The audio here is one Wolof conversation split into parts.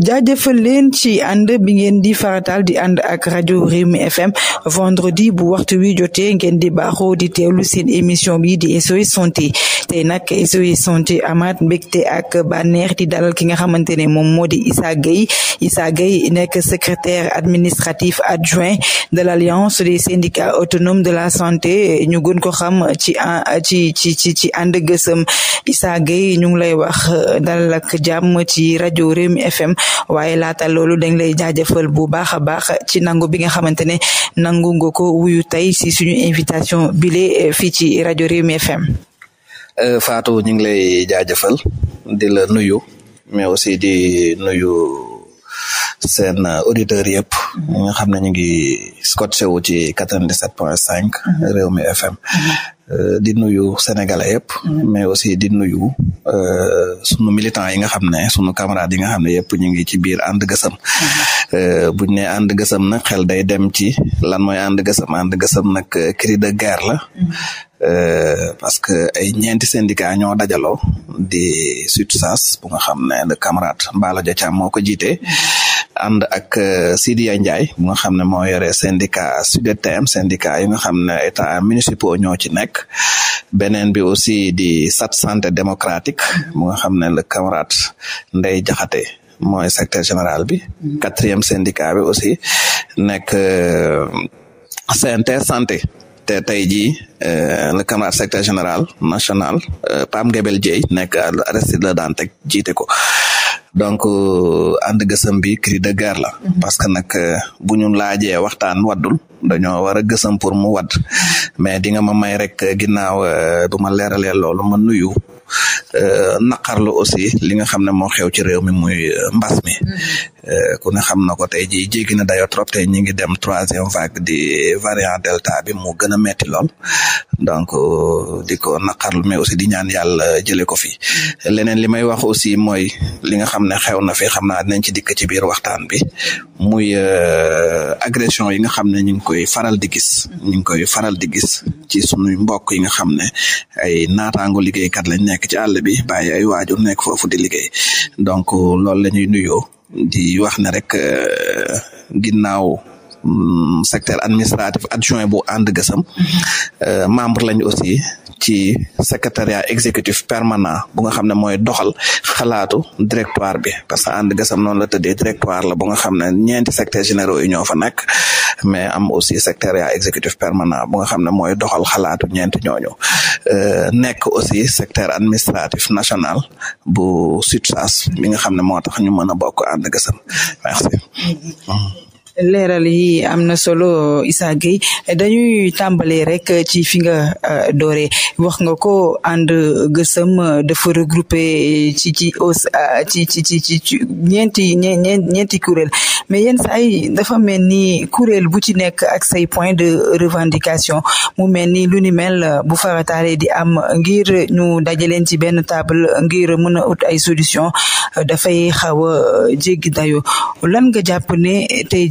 jaajëfal leen ci ànd bi ngeen di faratal di ànd ak rajo Rewmi FM vendredi bu waxtu wi jotee ngeen di baaxoo di teewlu seen émission bi di SOS santé tey nag SOS santé amaat mbégte ak bànneex di dalal ki nga xamante ne moom moo di Issa Gueye Issa Gueye nekk secrétaire administratif adjoint de l'alliance des syndicats autonomes de la santé ñu gun ko xam ci ci ci ci ci ànd gësëm Issa Gueye ñu ngi lay wax dalal ak jàmm ci rajo Rewmi FM waaye laata loolu dañ lay jaajëfal bu baax a baax ci nangu bi nga xamante ne nangu nga ko wuyu tey si suñu invitation bile eh, fii ci rajo Rewmi FM. Euh, Fatou ñu ngi lay jaajëfal di la nuyu mais aussi di nuyu. seen auditeurs yëpp ñi nga xam ne ñu ngi scotché wu ci quatre vingt cinq mm-hmm. Rewmi FM mm-hmm. Euh, di nuyu sénégalais yëpp. Mm-hmm. mais aussi di nuyu euh, sunu militants yi nga xam ne sunu camarades yi nga xam ne yëpp ñu ngi ci biir ànd gësëm. Mm-hmm. Euh, buñ ne ànd gësëm nag xel day dem ci lan mooy ànd gësëm ànd gësëm nag cri de guerre la. Mm-hmm. Euh, parce que ay ñeenti syndicat ñoo dajaloo di SUTSAS bu nga xam ne le camarade Mballo Dia Thiam moo ko jiite ànd ak euh, Sidiya Ndiaye bu nga xam ne moo yore syndicat SUDETM syndicat yi nga xam ne état municipaux ñoo ci nekk beneen bi aussi di sat santé démocratique bu nga xam ne le camarade Ndeye Diakhaté mooy secrétaire général bi quatrième syndicat bi aussi nekk euh, CNT santé te tey jii euh, le camarade secrétaire général national euh, Pam Gebel Dieye nekk Aristide Le Dantec jiite ko donc euh, ànd gësëm bi cri de guerre la mhm. parce que nag bu ñu laajee waxtaan waddul dañoo a a gësam pour mu wad mais di nga ma may rek ginnaaw bu euh, ma leeralee loolu ma nuyu euh, naqarlu aussi li nga xam ne moo xew ci réew mi muy euh, mbas mi mm-hmm. ku ne xam na ko tey ji jéggi na dayo trop tey ñi ngi dem troisième vague di variant delta bi mu gën a metti lool donc di ko naqarlu mais aussi di ñaan yàlla jële ko fi mm-hmm. leneen li may wax aussi mooy li nga xam ne na fi xam naa dinañ ci dikk ci biir bi muy agression yi nga xam koy faral di gis ñu ngi koy faral di gis ci sunuy mbokk yi nga xam ne ay naataango liggéeykat lañ nekk ci àll bi bàyyi ay waajur nekk foofu di liggéey donc loolu la ñuy nuyoo di wax ne rek euh, ginnaaw Mm, secteur administratif adjoint bu ànd gësam euh, membre lañ aussi ci secretariat exécutif permanent bu nga xam ne mooy doxal xalaatu directoire bi parce que ànd gësam noonu la tëddee directoire la bu nga xam ne ñeenti secteurs généraux i ñoo fa nekk mais am aussi secrétariat exécutif permanent bu nga xam ne mooy doxal xalaatu ñeenti ñooñu euh, nekk aussi secteur administratif national bu SUTSAS mi nga xam ne moo tax ñu mën a bokk ànd gësam leeral yi am na solo Issa Gueye dañuy tàmbalee rek ci fi nga euh, dooree wax nga ko ànd gësëm dafa regroupé ci ci os euh, ci ci ci ci ñeenti ñeenti ñeenti kuréel mais yenn saa yi dafa mel ni kuréel bu ci nekk ak say point de revendication mu mel ni lu ni mel bu farataale di am ngir ñu dajaleen ci benn table ngir mën a ut ay solution dafay xaw a jéggi dayo lan nga jàpp ne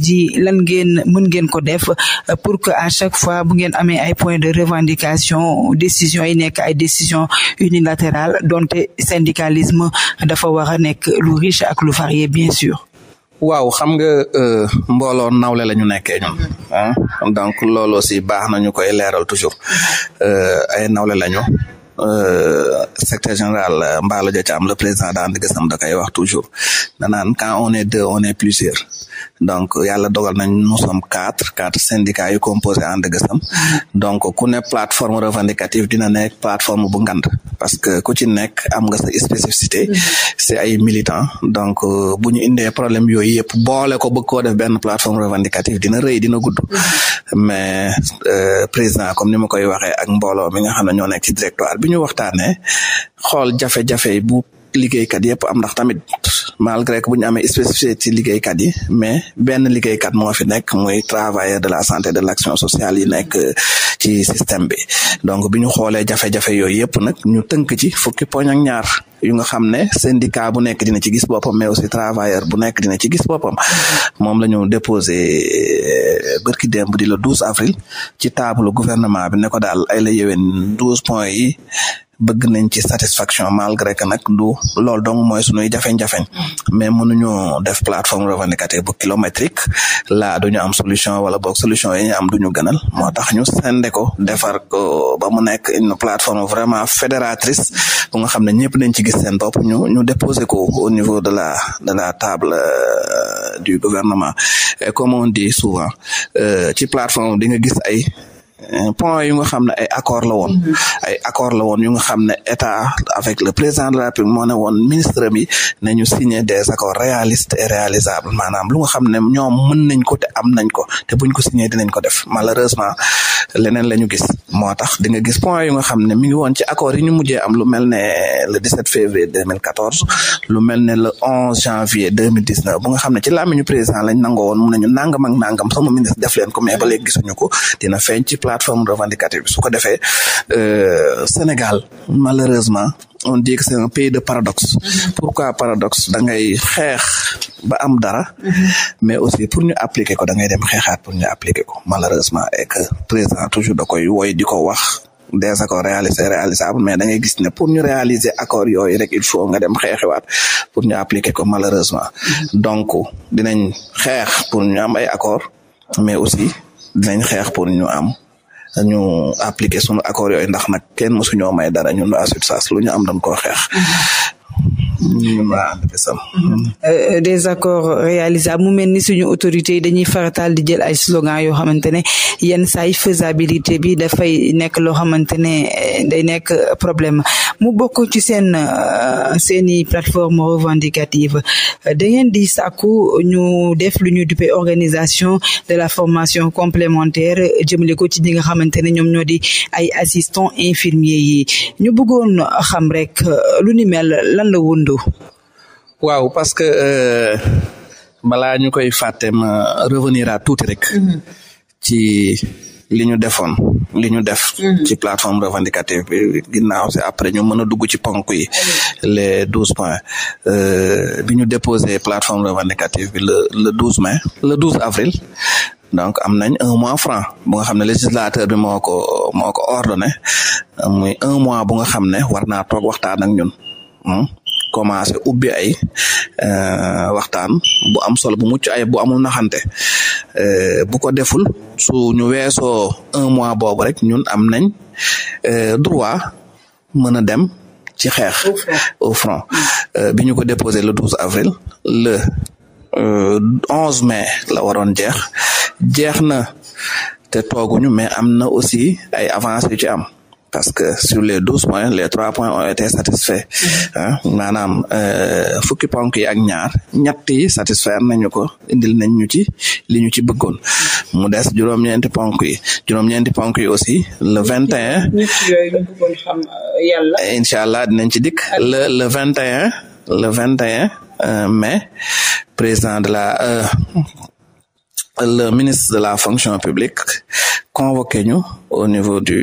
ji ji lan ngeen mën ngeen ko def euh, pour que à chaque fois bu ngeen amee ay points de revendication décision yi nekk ay décision unilatérale donte syndicalisme dafa war a nekk lu riche ak lu varié bien sûr waaw xam nga euh, mbooloo nawle la ñu nekkee ñun ah donc loolu aussi baax nañu koy leeral toujours euh, ay nawle la ñu secrétaire général Mballo Dia Thiam le président daan di gëstam da wax toujours danaan quand on est deux on est plusieurs donc yàlla dogal nañ nous sommes quatre quatre syndicats yu composé And Gueusseum donc ku ne plateforme revendicative dina nekk plateforme bu ngand parce que ku ci nekk am nga sa spécificité mm-hmm. c'est ay militants donc euh, bu ñu indee problème yooyu yëpp boole ko bëgg koo def benn plateforme revendicative dina rëy dina gudd mm-hmm. mais euh, président comme ni ma koy waxee ak mbooloo mi nga xam ne ñoo nekk ci directoire bi ñu waxtaanee xool jafe-jafe liggéeykat yëpp am ndax tamit malgré que bu ñu amee ci ci liggéeykat yi mais benn liggéeykat moo fi nekk muy travailleur de la santé de l'action sociale yi nekk euh, ci système bi donc bi ñu xoolee jafe-jafe yooyu yëpp nag ñu tënk ci fukki poñ ak ñaar yu nga xam ne syndicat bu nekk dina ci gis boppam mais aussi travailleur bu nekk dina ci gis boppam moom la ñu déposé euh, bërki démb di le douze avril ci table gouvernement bi ne ko daal ay la yéwén douze points yi bëgg nañ ci satisfaction malgré que nag du loolu dong mooy suñuy jafeñ-jafeñ mais mënuñu def plateforme revendicative bu kilométrique la ñu am solution wala boog solution yi ñu am duñu gënal moo tax ñu sende ko defar ba mu nekk une plateforme vraiment fédératrice bu nga xam ne ñëpp nañ ci gis seen bopp ñu ñu déposer ko au niveau de la de la table euh, du gouvernement et comme on dit souvent euh, ci plateforme di nga gis ay Euh, point yu nga xam ne ay accord la woon mm-hmm. ay accord la woon yu nga xam ne état avec le président de la République moo ne woon ministre mi nañu signer des accords réalistes et réalisables maanaam lu nga xam ne ñoom mën nañ ko te am nañ ko te buñ ko signer dinañ ko def malheureusement leneen la ñu gis moo tax di nga gis point yu nga xam ne mi ngi woon ci accord yi ñu mujjee am lu mel ne le 17 lu mel ne le 11 janvier 2019 bu nga xam ne ci làmmiñu président lañ nangoo woon mu nañu nangam ak nangam sama ministre def leen ko mais ba léegi gisuñu ko dina feeñ ci plan plateforme revendicative su ko defee euh, Sénégal malheureusement on dit que c'est un pays de paradoxe mm-hmm. pourquoi paradoxe da ngay xeex ba am dara mm-hmm. mais aussi pour ñu appliquer ko da ngay dem xeexaat pour ñu appliquer ko malheureusement et que président toujours da di ko wax des accords réalisés réalisables mais da ngay gis ne pour ñu réaliser accords yooyu rek il faut nga dem xeexiwaat pour ñu appliquer ko malheureusement mm-hmm. donc dinañ xeex pour ñu am ay accords mais aussi dinañ xeex pour ñu am ñu appliquer sunu accord yooyu ndax nag kenn mësuñoo may dara a waa SUTSAS lu ñu am dañ koo xeex. ñu mën a ànd besam euh, des accords réalisables mu mel ni suñu autorités yi dañuy farataal di jël ay slogan yoo xamante ne yenn saa yi faisabilité bi dafay nekk loo xamante ne euh, day nekk problème mu bokk ci seen euh, seen i plateforme revendicative da ngeen di saku ñu def lu ñu duppee organisation de la formation complémentaire jëmale ko ci ñi nga xamante ne ñoom ñoo di ay assistants infirmiers yi ñu bëggoon xam rek lu ni lan la dund. waaw parce que euh, balaa ñu koy fàtte ma revenira à tuuti rek. Mm-hmm. ci li ñu defoon li ñu def. Mm -hmm. ci plateforme revendicative bi ginnaaw si après ñu mën a dugg ci ponk yi. Mm-hmm. le douze points euh, bi ñu déposé plateforme revendicative bi le le douze mais le douze avril. donc am nañ un mois franc bu nga xam ne législateur bi moo ko moo ko ordonné muy un mois bu nga xam ne war naa toog waxtaan ak ñun. Hmm? commencé ubbi ay euh, waxtaan bu am solo bu mucc ay bu amul naxante euh, bu ko deful su ñu weesoo un mois boobu rek ñun am nañ euh, droit mën a dem ci xeex au front bi ko déposé le 12 avril le onze mais la waroon jeex jeex na te tooguñu mais amna na aussi ay avancées yu ci am parce que sur les douze points les trois points ont été satisfaits mm-hmm. ah maanaam euh, fukki ponk yi ak ñaar ñett yi satisfaire nañu ko indil nañ ñu ci li ñu ci bëggoon mu des juróom-ñeenti ponk yi juróom-ñeenti yi aussi le vingt et un euh, incha allah dinañ ci dikk le le vingt et le vingt et euh, mais président de la euh, le ministre de la fonction publique convoqué ñu au niveau du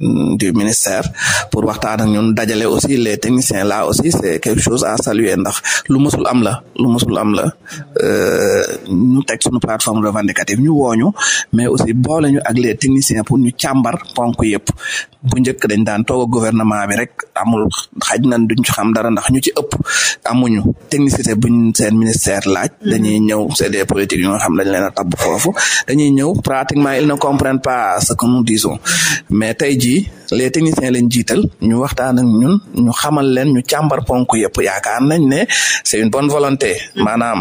Euh, du ministère pour waxtaan ak ñun dajale aussi les techniciens la aussi c' est quelque chose à saluer ndax lu musul am la lu musul am la euh, ñu teg suñu plateforme revendicative ñu wooñu mais aussi boole ñu ak technicien pour ñu càmbar ponk yëpp bu njëkk dañ daan toog gouvernement bi rek amul xaj na duñ ci xam dara ndax ñu ci ëpp amuñu technicité buñ seen ministère laaj mm-hmm. dañuy ñëw c' est des politiques yoo xam dañ leen a tabb foofu dañuy ñëw pratiquement ils ne comprennent pas ce que ji les techniciens lañ jiital ñu waxtaan ak ñun ñu xamal leen ñu càmbar ponk yëpp yaakaar nañ ne c'est une bonne volonté maanaam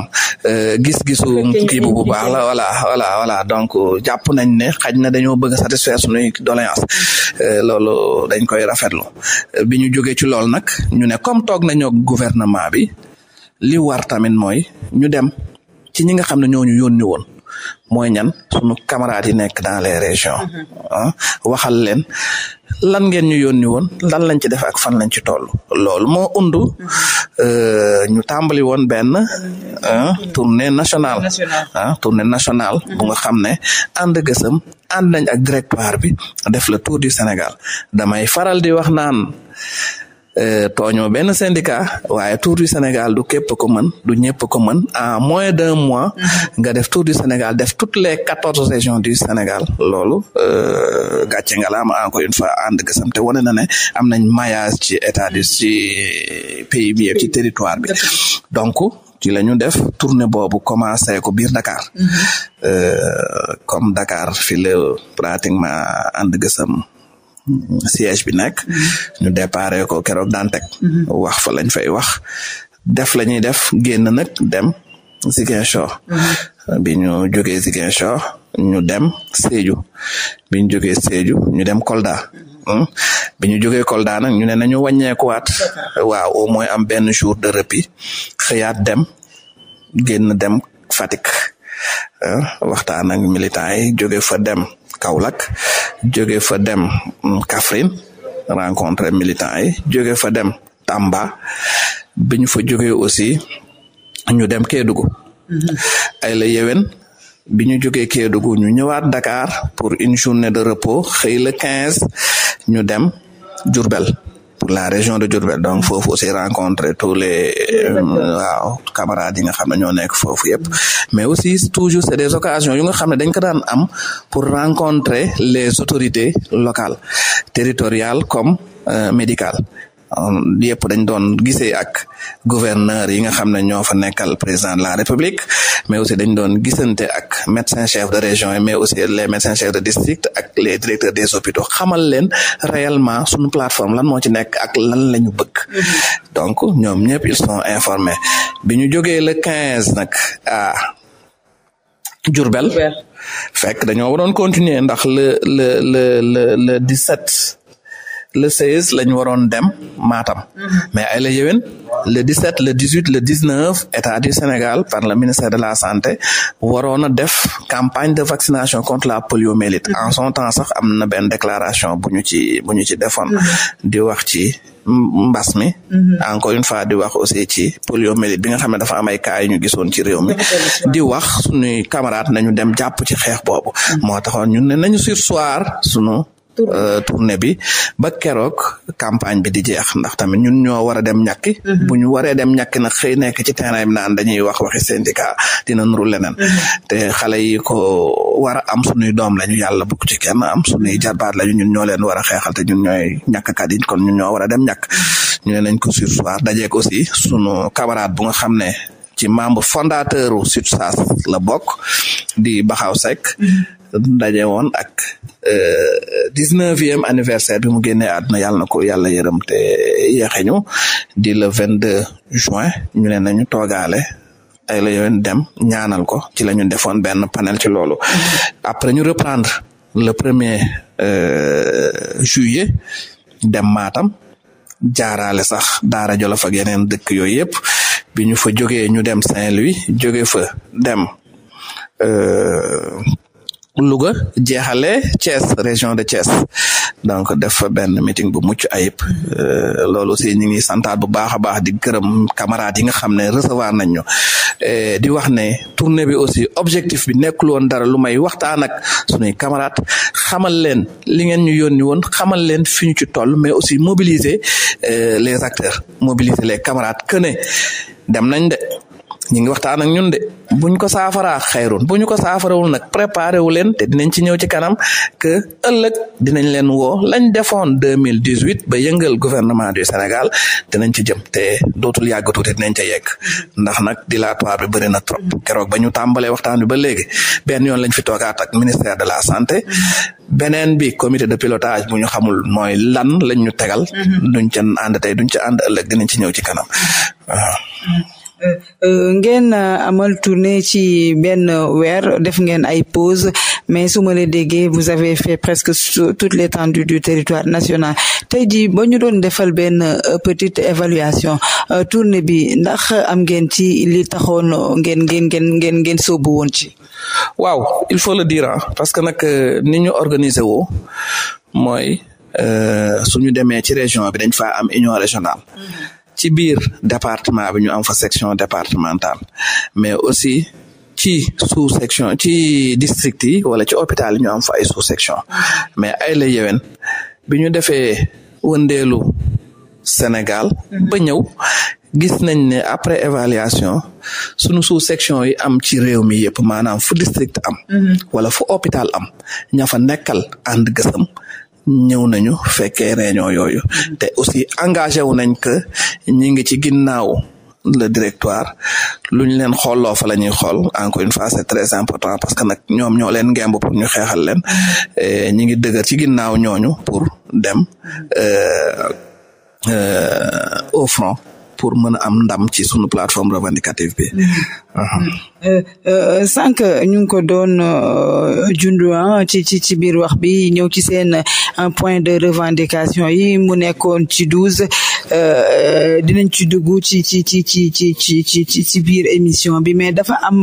euh, gis-gisu kii bu baax la wala voilà voilà donc euh, jàpp nañ ne xaj na dañoo bëgg a satisfaire suñuy e euh, loolu dañ koy rafetlu bi ñu jógee ci lool nag ñu ne comme toog nañoo gouvernement bi li war tamit mooy ñu dem ci ñi nga xam ne ñooñu ñu woon mooy ñan sunu camarades yi nekk dans les régions mm-hmm. ah waxal leen lan ngeen ñu yónni woon lan lañ ci def ak fan lañ ci toll loolu moo undu mm-hmm. euh, ñu tàmbali woon benn mm-hmm. ah, tournée nationale ah tournée nationale bu nga xam ne ànd gësëm ànd nañ ak directoire bi def le tour du Sénégal damay faral di wax naan Euh, tooñoo benn syndicat waaye tour du Sénégal du képp ko man du ñëpp ko man en mois d'un mois mm-hmm. nga def tour du Sénégal def tout les quatorze régions du Sénégal loolu euh, gàcce nga la am encore une fois ànd gësam wane na ne am nañ maillage ci état du ci pays bi ci territoire bi donc ci lañu def tournée boobu commencé ko biir Dakar mm-hmm. euh, comme Dakar fi la pratiquement ànd gësam siège bi nekk ñu déparé ko keroog Dantec wax fa lañ fay wax def la ñuy def génn nag dem Ziguinchor bi ñu jógee Ziguinchor ñu dem Sédhiou bi ñu jógee ñu dem Kolda hmm? bi ñu jógee Kolda nag ñu ne nañu wàññeekuwaat waaw au moins am benn jour de repi xëyaat dem génn dem fatik hmm? waxtaan ak militant yi jóge fa dem Kaolack jóge fa dem mm, Kaffrine rencontré militant yi jóge fa dem Tamba bi ñu fa jógee aussi ñu dem Kédougou mm-hmm. ay la yewen bi ñu jógee Kédougou ñu ñëwaat Dakar pour une journée de repos xëy quinze ñu dem Diourbel pour la région de Diourbel donc foof aussi rencontrer tous les euh, waaw camarades yi nga xam ne ñoo nekk foofu yëpp mais aussi toujours c'est des occasions yu nga xam ne dañ ko daan am pour rencontrer les autorités locales territoriales comme euh, médicales yëpp dañ doon gisee ak gouverneur yi nga xam ne ñoo fa nekkal président de la république mais aussi dañ doon gisante ak médecin chef de région mais aussi les médecins chefs de district ak les directeurs des hôpitaux xamal leen réellement suñu plateforme lan moo ci nekk ak lan la ñu bëgg mm-hmm. donc ñoom ñëpp ils sont informés bi ñu jógee le quinze nag ah Diourbel fekk dañoo waroon continuer ndax le le le le le dix le seize lañ waroon dem Matam mm-hmm. mais ay la yéwén le dix sept le dix huit le dix neuf état du Sénégal par le ministère de la santé waroon a def campagne de vaccination contre la poliomyélite mm-hmm. en son temps sax am na benn déclaration bu ñu ci bu ñu ci defoon mm-hmm. di wax ci mbas mi encore une fois di wax aussi ci poliomyélite bi nga xam ne dafa am ay cas ñu gisoon ci réew mi di wax suñuy camarade nañu dem jàpp ci xeex boobu moo taxoon ñun ne nañu sursoir sunu Euh, tournée bi ba keroog campagne bi di jeex ndax tamit ñun ñoo war a dem ñàkki mhm. bu ñu waree dem ñàkki nag xëy nekk ci terrain bi naan dañuy wax waxi syndicat dina nuru leneen mhm. te xale yi ko war a am suñuy doom lañu yàlla bukk ci kenn am suñuy jarbaat lañu ñun ñoo leen war a xeexal te ñun ñooy ñàkkkat yi kon ñun ñoo war a dem ñàkk ñu ne nañ ko sursoir dajeek aussi sunu camarade bu nga xam ne ci membre fondateur u SUTSAS la bokk di Baxaw Seck mhm. daje woon ak euh, dix-neuvième anniversaire bi mu génnee àdduna yàlla na ko yàlla yërëm te yéexe ñu di le vingt-deux juin ñu ne nañu toogaale ay la yoon dem ñaanal ko ci la ñu defoon benn panel ci loolu après ñu reprendre le premier euh, juillet dem Matam jaaraale sax Daara Jolof ak yeneen dëkk yooyu yëpp bi ñu fa jógee ñu dem Saint-Louis jóge fa dem. Euh, Louga jeexale Thiès région de Thiès donc def fa benn meeting bu mucc ayib euh, loolu aussi ñu ngi santaat bu baax a baax di gërëm camarades yi nga xam ne recevoir nañ ñu euh, di wax ne tournée bi aussi objectif bi nekkul woon dara lu may waxtaan ak sunuy camarades xamal leen li ngeen ñu yónni woon xamal leen fi ñu ci toll mais aussi mobiliser euh, les acteurs mobiliser les camarades que dem nañ de. ñu ngi waxtaan ak ñun de buñ ko saafaraa xayrun bu ñu ko saafarawul nag préparé wu leen te dinañ ci ñëw ci kanam que ëllëg dinañ leen woo lañ defoon deux mille dix huit ba yëngal gouvernement du Sénégal dinañ ci jëm te dootul yàgg tuuti dinañ ca yegg ndax nag dilatoire bi bëri na trop keroog ba ñu tàmbalee waxtaan bi ba léegi benn yoon lañ fi toogaat ak ministère de la santé beneen bi comité de pilotage bu ñu xamul mooy lan lañ ñu tegal. Mm-hmm. duñ ca ànd tey duñ ca ànd ëllëg dinañ ci ñëw ci kanam Euh, euh, ngeen euh, amal tournée ci benn weer def ngeen ay pause mais su ma la déggee vous avez fait presque toute l'étendue du territoire national tey jii ba ñu doon defal benn petite évaluation tournée bi ndax am ngeen ci li taxoon ngeen ngeen ngeen ngeen ngeen sóobu woon ci. waaw il faut le dire parce que nag ni ñu organiser woo mooy suñu demee ci région bi dañ faa am union régionale. Mm-hmm. ci biir département bi ñu am fa section départementale mais aussi ci sous section ci district yi wala ci hôpital yi ñu am fa ay sous section mais ay la yewen bi ñu defee wëndeelu Sénégal ba ñëw gis nañ ne après évaluation sunu sous section yi am ci réew mi yëpp maanaam fu district am. Mm-hmm. wala fu hôpital am ña nekkal ànd gësam ñëw nañu fekkee réunion yooyu te aussi engagé wu nañ que ñi ngi ci ginnaaw le directoire lu ñu leen xooloo fa la ñuy xool encore une fois c'est très important parce que nag ñoom ñoo leen ngemb pour ñu xeexal leen ñi ngi dëgër ci ginnaaw ñooñu pour dem euh, euh, au front pour mën a am ndam ci sunu plateforme revendicative bi. Mm-hmm. Uh-huh. Mm-hmm. Euh, euh, sànq ñu ngi ko doon euh, junduan ah, ci ci ci biir wax bi ñëw ci seen un point de revendication yi mu nekkoon ci douze dinañ ci dugg ci ci ci ci ci ci ci ci biir émission bi mais dafa am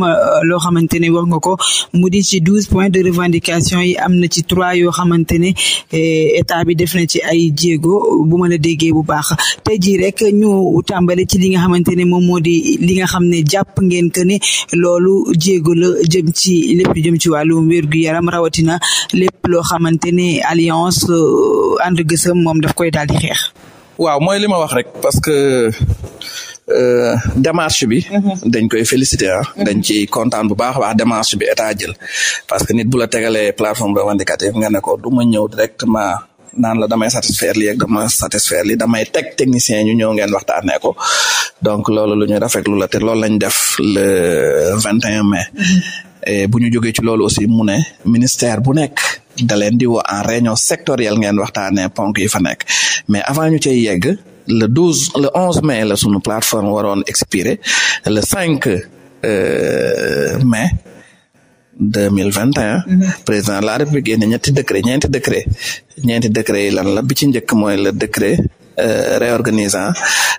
loo xamante ne wax nga ko mu di ci douze points de revendication yi am na ci trois yoo xamante ne eh, état bi def na ci ay jéego bu mën a bu baax tey jii rek ñu tàmbali tàmbali ci li nga xamante ne moom moo di li nga xam ne jàpp ngeen que ne loolu jéego la jëm ci lépp jëm ci wàllum wér yaram rawatina lépp loo xamante ne alliance euh, ànd gësëm moom daf koy daal di xeex. waaw mooy li ma wax rek parce que euh, démarche bi. Mhm. dañ koy féliciter ah. Mhm. dañ ci kontaan bu baax a baax démarche bi état jël parce que nit bu la tegalee plateforme revendicative nga ne ko du ma ñëw directement. naan la damay satisfaire lii ak dama satisfaire lii damay teg technicien ñu ñëw ngeen waxtaanee ko donc loolu lu ñu rafetlu la te lool lañ def le vingt et un mai. Mm-hmm. et bu ñu jógee ci loolu aussi mu ne ministère bu nekk da leen di woo en réunion sectorielle ngeen waxtaanee ponk yi fa nekk mais avant ñu cay yegg le douze le onze mai la sunu plateforme waroon expiré le cinq euh, mai. deux mille vingt et un mhm. président de la république génne ñetti décret ñeenti décret ñeenti décret yi lan la bi ci njëkk mooy le décret Euh, réorganisant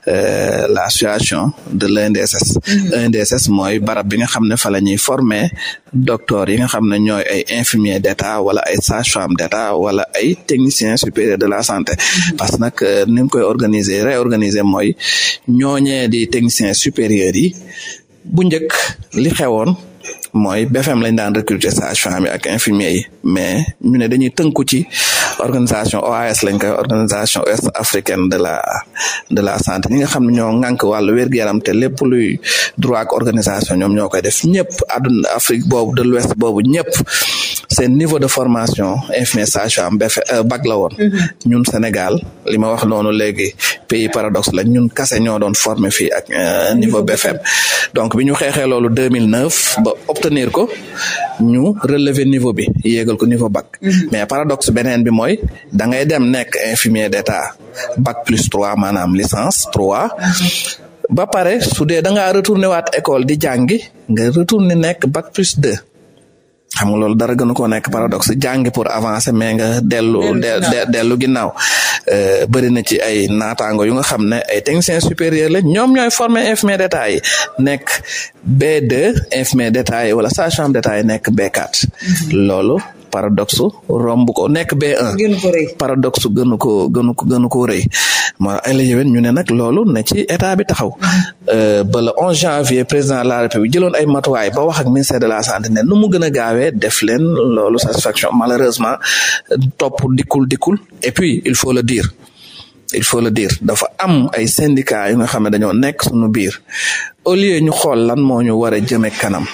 euh, la situation de l'ENDSS ENDSS mhm. mooy barab bi nga xam ne fa la ñuy former docteur yi nga xam ne ñooy ay infirmiers d'état wala ay sages-femmes d'état wala ay techniciens supérieurs de la santé mhm. parce que nag euh, ni ñu koy organiser réorganiser mooy ñooñee di techniciens supérieurs yi bu njëkk li xewoon mooy BFM lañ daan recruter sage-femme yi ak infirmier yi mais ñu ne dañuy tënku ci organisation OAS lañ koy organisation ouest africaine de la de la santé ñi nga xam ne ñoo ŋànk wàllu wér-gu-yaram te lépp luy droit organisation ñoom ñoo koy def ñëpp àdduna Afrique boobu de l'ouest boobu ñëpp seen niveau de formation infirmier sage-femme euh, bac la woon mhm. ñun Sénégal li ma wax noonu léegi pays paradoxe la ñun kase ñoo doon former fii a euh, mhm. niveau BFEM donc bi ñu xeexee loolu 2009 ba obtenir ko ñu relever niveau bi yéegal ko niveau bac mhm. mais paradoxe beneen bi mooy da ngay dem nekk infirmier deta bac plus trois maanaam licence trois ba pare su dee da ngaa retourné waat école di jàngi nga retourné nekk bac xam nga loolu dara gënu ko nekk paradoxe jàng pour avancer mais nga dellu dellu ginnaaw euh, bëri na ci ay naataango yu nga xam ne ay techniciens supérieurs la ñoom ñooy former infirmier d'état yi nekk B2 infirmier d'état yi wala sage-femme d'état yi nekk b paradoxe romb o nekk B1. gënu ko rëy ko gënu ko gënu ma ay la yéwén ñu ne nag loolu ne ci bi taxaw. Euh, ba le 11 janvier président la république jëloon ay matuwaay ba wax ak ministère la santé ne nu mu gën a gaawee def leen loolu satisfaction malheureusement topp dikkul dikkul et puis il faut le dire. il faut le dire dafa am ay syndicats yu nga xam ne dañoo nekk suñu biir au lieu ñu xool lan moo ñu war a jëme kanam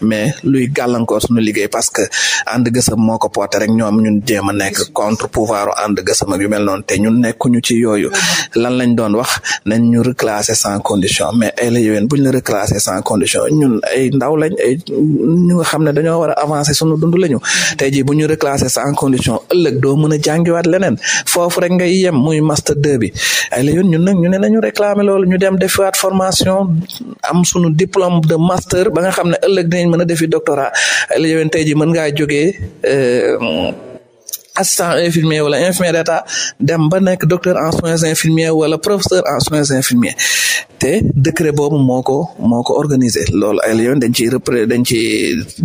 mais luy gàllankoor suñu liggéey parce que ànd gësëm moo ko poote rek ñoom ñun jéem a nekk contre pouvoir ànd gësëm ak yu mel noon te ñun nekkuñu ci yooyu lan lañ doon wax nañ ñu reclasser sans condition mais ay la yowén buñ la reclasser sans condition ñun ay ndaw lañ ay ñu nga xam ne dañoo war a avancer suñu dund lañu tey jii bu ñu reclasser sans condition ëllëg doo mën a jàngiwaat leneen foofu rek ngay yem muy master 2 bi ay la ñun nag ñu ne nañu réclamer loolu ñu dem defiwaat formation am suñu diplôme de master ba nga xam ne ëllëg nañ mën a defi doctorat la yowén tey ji mën ngaa jógee euh, assistant infirmier wala infirmier ta dem ba nekk docteur en soins infirmiers wala professeur en soins infirmiers te décret boobu moo ko moo ko organisé loolu ay dañ ci repré dañ ci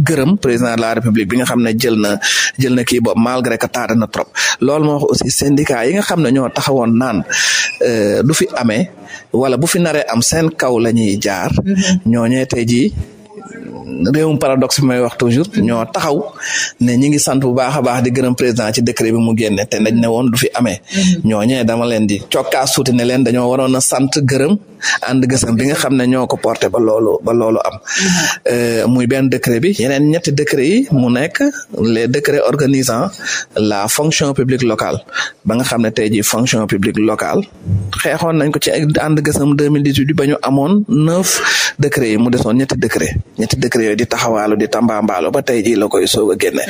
gërëm président de la république bi nga xam ne jël na jël na kii boobu malgré que tardé na trop loolu moo wax aussi syndicat yi nga xam ne ñoo taxawoon naan euh, du fi amee wala bu fi naree am seen kaw la ñuy jaar mm-hmm. ñooñee tey réewum paradoxe bi may wax toujours ñoo taxaw ne ñi ngi sant bu baax a baax di gërëm président ci décret bi mu génne te nañ ne woon du fi amee mm-hmm. ñooñee dama leen di cokkaa suuti ne leen dañoo waroon a sant gërëm ànd gësam bi nga xam ne ñoo ko porté ba loolu ba loolu am mm-hmm. euh, muy benn décret bi yeneen ñetti décret yi mu nekk les décrets organisant la fonction publique locale ba nga xam ne tey jii fonction publique locale xeexoon nañ ko ci ànd gësam 2018 bi ba ñu amoon neuf décrets yi mu desoon ñetti décret ñetti décret yooyu di taxawaalu di tambaambaalu ba tey jii la koy soog a génne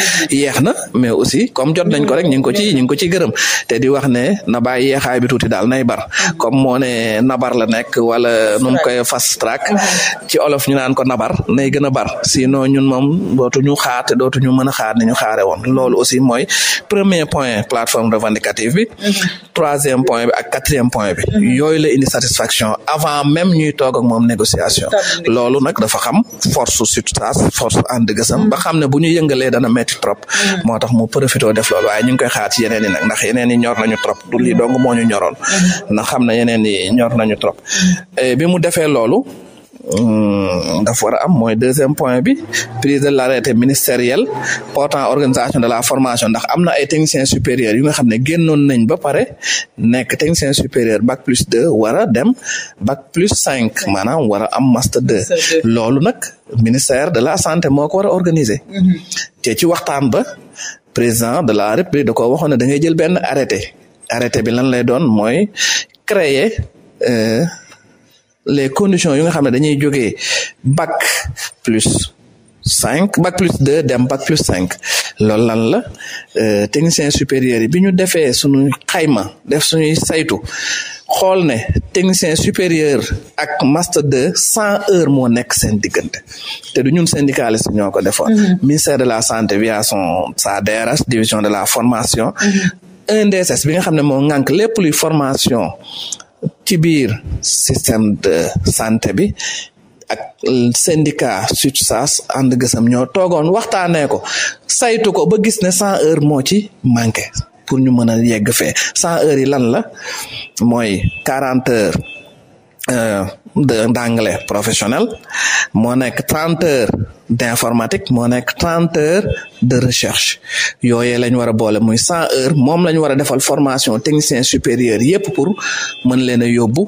na mais aussi comme jot nañ ko rek ñu ngi ko ci ñu ngi ko ci gërëm te di wax ne na bàyyi yeexaay bi tuuti daal nay bar comme moone ne nabar la nekk wala nu mu koy fas track ci olof ñu naan ko nabar nay gën a bar sinon ñun moom dootuñu xaar te dootuñu mën a xaar ni ñu xaare woon loolu aussi mooy premier point plateforme revendicative bi troisième point bi ak quatrième point bi yooyu la indi satisfaction avant même ñuy toog ak moom négociation loolu nag dafa xam force substance force ànd gësam ba xam ne bu ñu yëngalee dana métti trop mm-hmm. moo tax mu profité def loolu waaye ñu koy xaar ci nag ndax yeneen yi trop du lii dong moo ñu mm-hmm. xam na yeneen yi ñor nañu trop mm-hmm. eh, mu defee loolu dafa war a am mooy deuxième point bi prise de l'arrêté ministériel portant organisation de la formation ndax am na ay techniciens supérieurs yu nga xam ne génnoon nañ ba pare nekk technicien supérieur bac plus deux war a dem bac plus cinq maanaam war a am master deux loolu nag ministère de la santé moo ko war a organiser mm-hmm. te ci waxtaan ba président de la république da ko waxoon ne da ngay jël benn arrêté arrêté bi lan lay doon mooy créer euh, les conditions yu nga xam ne dañuy jóge bac plus cinq bac plus deux dem bac plus cinq loolu lan la euh, technicien supérieur yi bi ñu defee suñu xayma def suñuy saytu xool ne technicien supérieur ak maste deux cent heures moo nekk seen diggante te du ñun syndicaliste ñoo ko defoon mm-hmm. ministère de la santé via son sa DRH division de la formation INDSS mm-hmm. bi nga xam ne moo ŋànk lépp luy formation ci biir système de santé bi ak syndicat SUTSAS ànd gësam ñoo toogoon waxtaanee ko saytu ko ba gis ne cent heures moo ci manqué pour ñu mën a yegg fee cent heures yi lan la mooy quarante heures Euh, de d'anglais professionnel moo nekk trente heures d'informatique moo nekk trente de recherche yooyee lañ war a boole muy cent heure moom lañ war a defal formation technicien supérieur yépp pour mën leen a yóbbu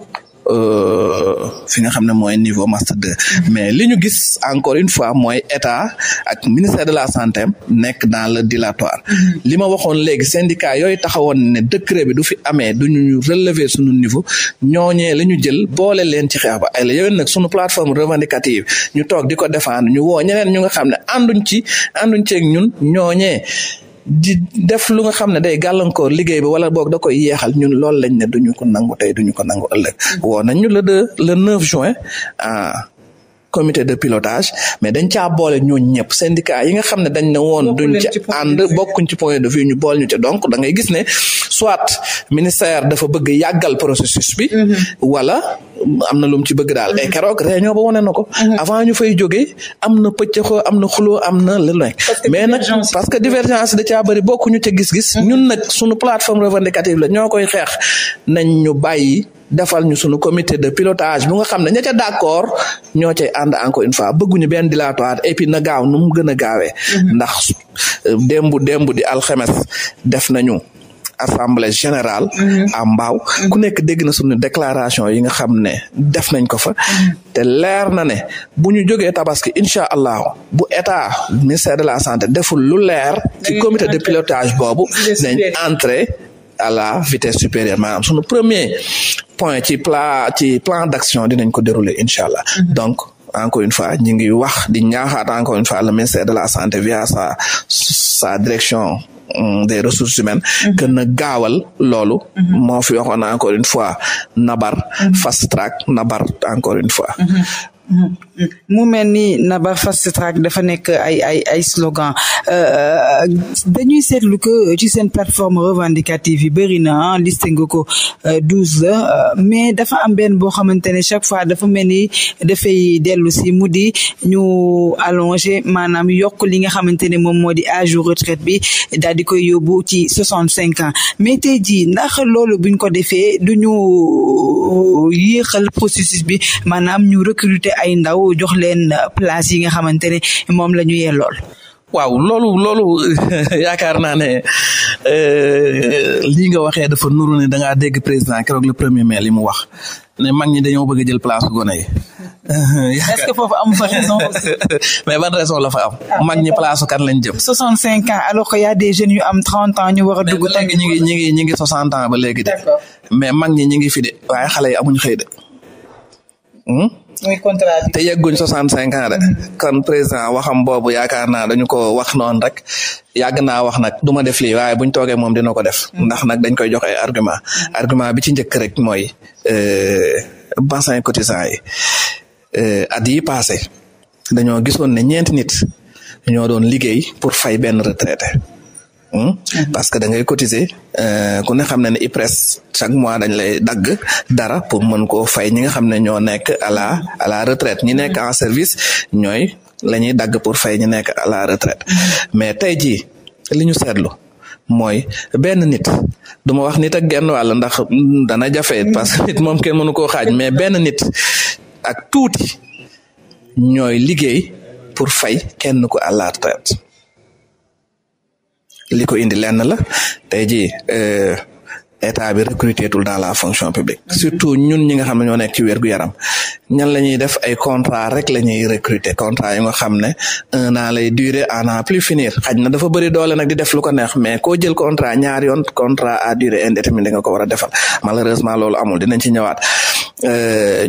Euh, fi nga xam ne mooy niveau master 2 mais li ñu gis encore une fois mooy état ak ministère de la santé nekk dans le dilatoire mm-hmm. li ma waxoon léegi syndicat yooyu taxawoon ne décret bi du fi amee du ñu relever suñu niveau ñooñee la ñu jël boole leen ci xeex ba ay la yowén nag suñu plateforme revendicative ñu toog di ko défendre ñu woo ñeneen ñu nga xam ne ànduñ ci ànduñ ci ak ñun ñooñee di def lu nga xam ne day gàllankoor liggéey bi wala boog da koy yeexal ñun loolu lañ ne duñu ko nangu tey duñu ko nangu ëllëg mm-hmm. woo nañ ñu la deux le neuf juin a comité de pilotage mais dañ caa boole ñooñu ñëpp syndicat yi nga xam ne dañ ne woon duñ ci ànd bokkuñ ci point de vue ñu bool ñu ci donc dangay ngay gis ne soit ministère dafa bëgg yàggal processus bi mm-hmm. wala am na lu mu ci bëgg daal mm-hmm. et keroog réunion ba wane na ko mm-hmm. avant ñu fay jógee am na pëccëxoo am na xuloo am na lu mais nag parce que divergence da caa bëri ñu ca gis-gis mm-hmm. ñun nag suñu plateforme revendicative la ñoo koy xeex nañ ñu bàyyi defal ñu sunu commité de pilotage bu nga xam ne ña ca d'accord ñoo cay ànd encore une fois bëgguñu benn dilatoire et puis na gaaw nu mu gën a gaawee ndax euh, démb démb di alxemes def nañu assemblée générale a mhm. Mbao mhm. ku nekk dégg na suñu déclaration yi nga xam ne def nañ ko fa mhm. te leer na ne bu ñu jógee tabaski incha allah bu état ministère de la santé deful lu leer ci comité de pilotage boobu nañ entrer à la vitesse supérieure maanaam suñu premier point ci plan ci plan d'action dinañ ko dérouler incha allah donc encore une fois ñu ngi wax di ñaaxaat encore une fois le ministère de la santé via sa sa direction des ressources humaines mhm. que na gaawal loolu mhm. moo fi waxoon encore une fois nabar mhm. fast track nabar encore une fois mu mel ni Naba fast track dafa nekk ay ay ay slogan euh, dañuy seetlu que ci seen plateforme revendicative yi bëri na ah, listé nga ko euh, douze la euh, mais dafa am benn boo xamante ne chaque fois dafa mel ni dafay dellu si mu di ñu allongé maanaam yokk li nga xamante ne moom moo di âge retraite bi daal di koy yóbbu ci soixante cinq ans mais tey ji ndax loolu biñ ko defee du ñu yéexal processus bi maanaam ñu recruter ay ndaw jox leen place yi nga xamante ne moom la ñu yellool waaw loolu loolu yaakaar naa ne euh, lii nga waxee dafa nuru ne da ngaa dégg président keroog le premier mai li mu wax ne mag ñi dañoo bëgg a jël place gone yi. est-ce foofu am fa mais ban raison la fa am. Ah, mag ñi place kan lañ jëm. 65 ans alors que ya a des jeunes yu am 30 ans ñu wax a dugg. ñu ngi ñu ngi ñu ngi 60 ans ba léegi de. mais mag ñi ñu ngi fi de waaye xale yi amuñ xëy de. Hmm? muy contrat te yegguñ soixante cinq ans de. kon président waxam boobu yaakaar naa dañu ko wax noonu rek yàgg naa wax nag du ma def lii waaye buñ toogee moom dina ko def. ndax nag dañ koy jox ay argument argument bi ci njëkk rek mooy euh, bassin cotisant yi euh, at yi passé dañoo gisoon ne ñeenti nit ñoo doon liggéey pour fay benn retraité. Mm-hmm. Mm-hmm. parce que da ngay cotiser euh, ku ne xam na ne IPRES chaque mois dañ lay dagg dara pour mën koo fay ñi nga xam ne ñoo nekk à la à retraite ñi nekk en service ñooy la ñuy dagg pour fay ñi nekk à la retraite mm-hmm. mais tey jii li ñu seetlu mooy benn nit du wax nit ak genn wàll ndax dana jafe parce que moom kenn mënu koo xaaj mais benn nit ak tuuti ñooy liggéey pour fay kenn ku à la retraite li ko indi lenn la tey jii euh, état bi recruter tul dans la fonction publique mhm. surtout ñun ñi nga xam ne ñoo nekk ci gu yaram ñan la ñuy def ay contrat rek la ñuy recruter contrat yu nga xam ne un an lay durer en an plus finir xañ na dafa bëri doole nag di def lu ko neex mais koo jël contrat ñaar yoon contrat à durée indéterminée nga ko war a defal malheureusement loolu amul dinañ ci ñëwaat euh,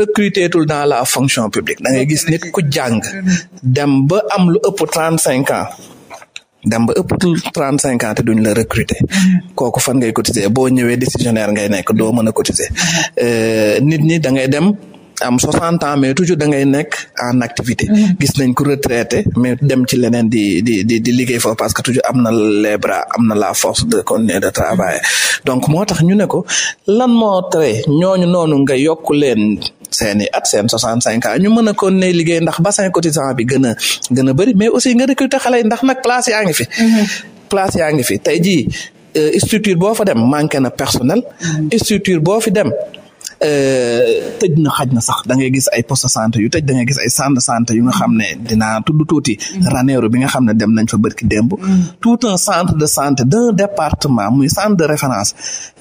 recruter tul dans la fonction publique da ngay gis nit ku jàng mhm. dem cinq ans dem ba ëppatul mm. trente cinq ans te duñ la recruter mm. kooku fan ngay cotiser boo ñëwee décisionnaire ngay nekk doo mën a euh, nit ñi da ngay dem am soixante ans mais toujours dangay nekk en activité mm. gis nañ ko retraité mais dem ci leneen di di di di liggéey foofu parce que toujours am na les am na la force de continuer donc moo tax ñu ne ko lan moo tere ñooñu noonu nga yokk leen seeni at seen soixante cinq a ñu mën a kon ne liggéey ndax bassin cotisant bi gën a a bëri mais aussi nga recruter xale yi ndax nag place yaa ngi fi mm-hmm. place yaa ngi fi tey jii euh, structure boo fa dem manqué na personnel mm-hmm. structure boo fi dem Euh, tëj na xaj na sax da ngay gis ay poste santé yu tëj da ngay gis ay centre santé yu nga xam ne dinaa tudd tuuti mm. Ranérou bi nga xam ne dem nañ fa bërki démb mm. tout un centre de santé d'un département muy centre de référence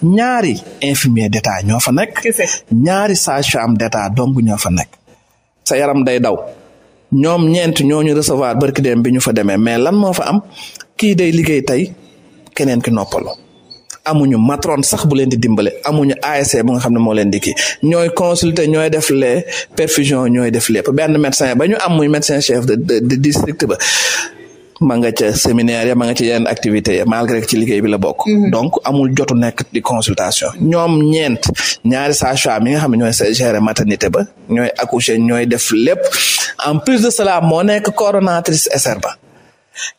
ñaari infirmier d'état ñoo fa nekk ñaari sage-femme d'état donc ñoo fa nekk sa yaram day daw ñoom ñeent ñooñu recevoir bërki démb bi ñu fa demee mais lan moo fa am kii day liggéey tey keneen ki noppaloo amuñu matron sax bu leen di dimbale amuñu ASC bu nga xam ne moo leen di kii ñooy consulter ñooy def le perfusion ñooy def lépp benn médecin ba ñu am muy médecin chef de de district ba ma nga ca séminaire ya ma nga ci yenn activité ya malgré que ci liggéey bi la bokk mm-hmm. donc amul jotu nekk di consultation ñoom ñeent ñaari sage-femme nga xam ne ñooy gérer maternité ba ñooy accoucher ñooy def lépp en plus de cela moo nekk coordonnatrice SR ba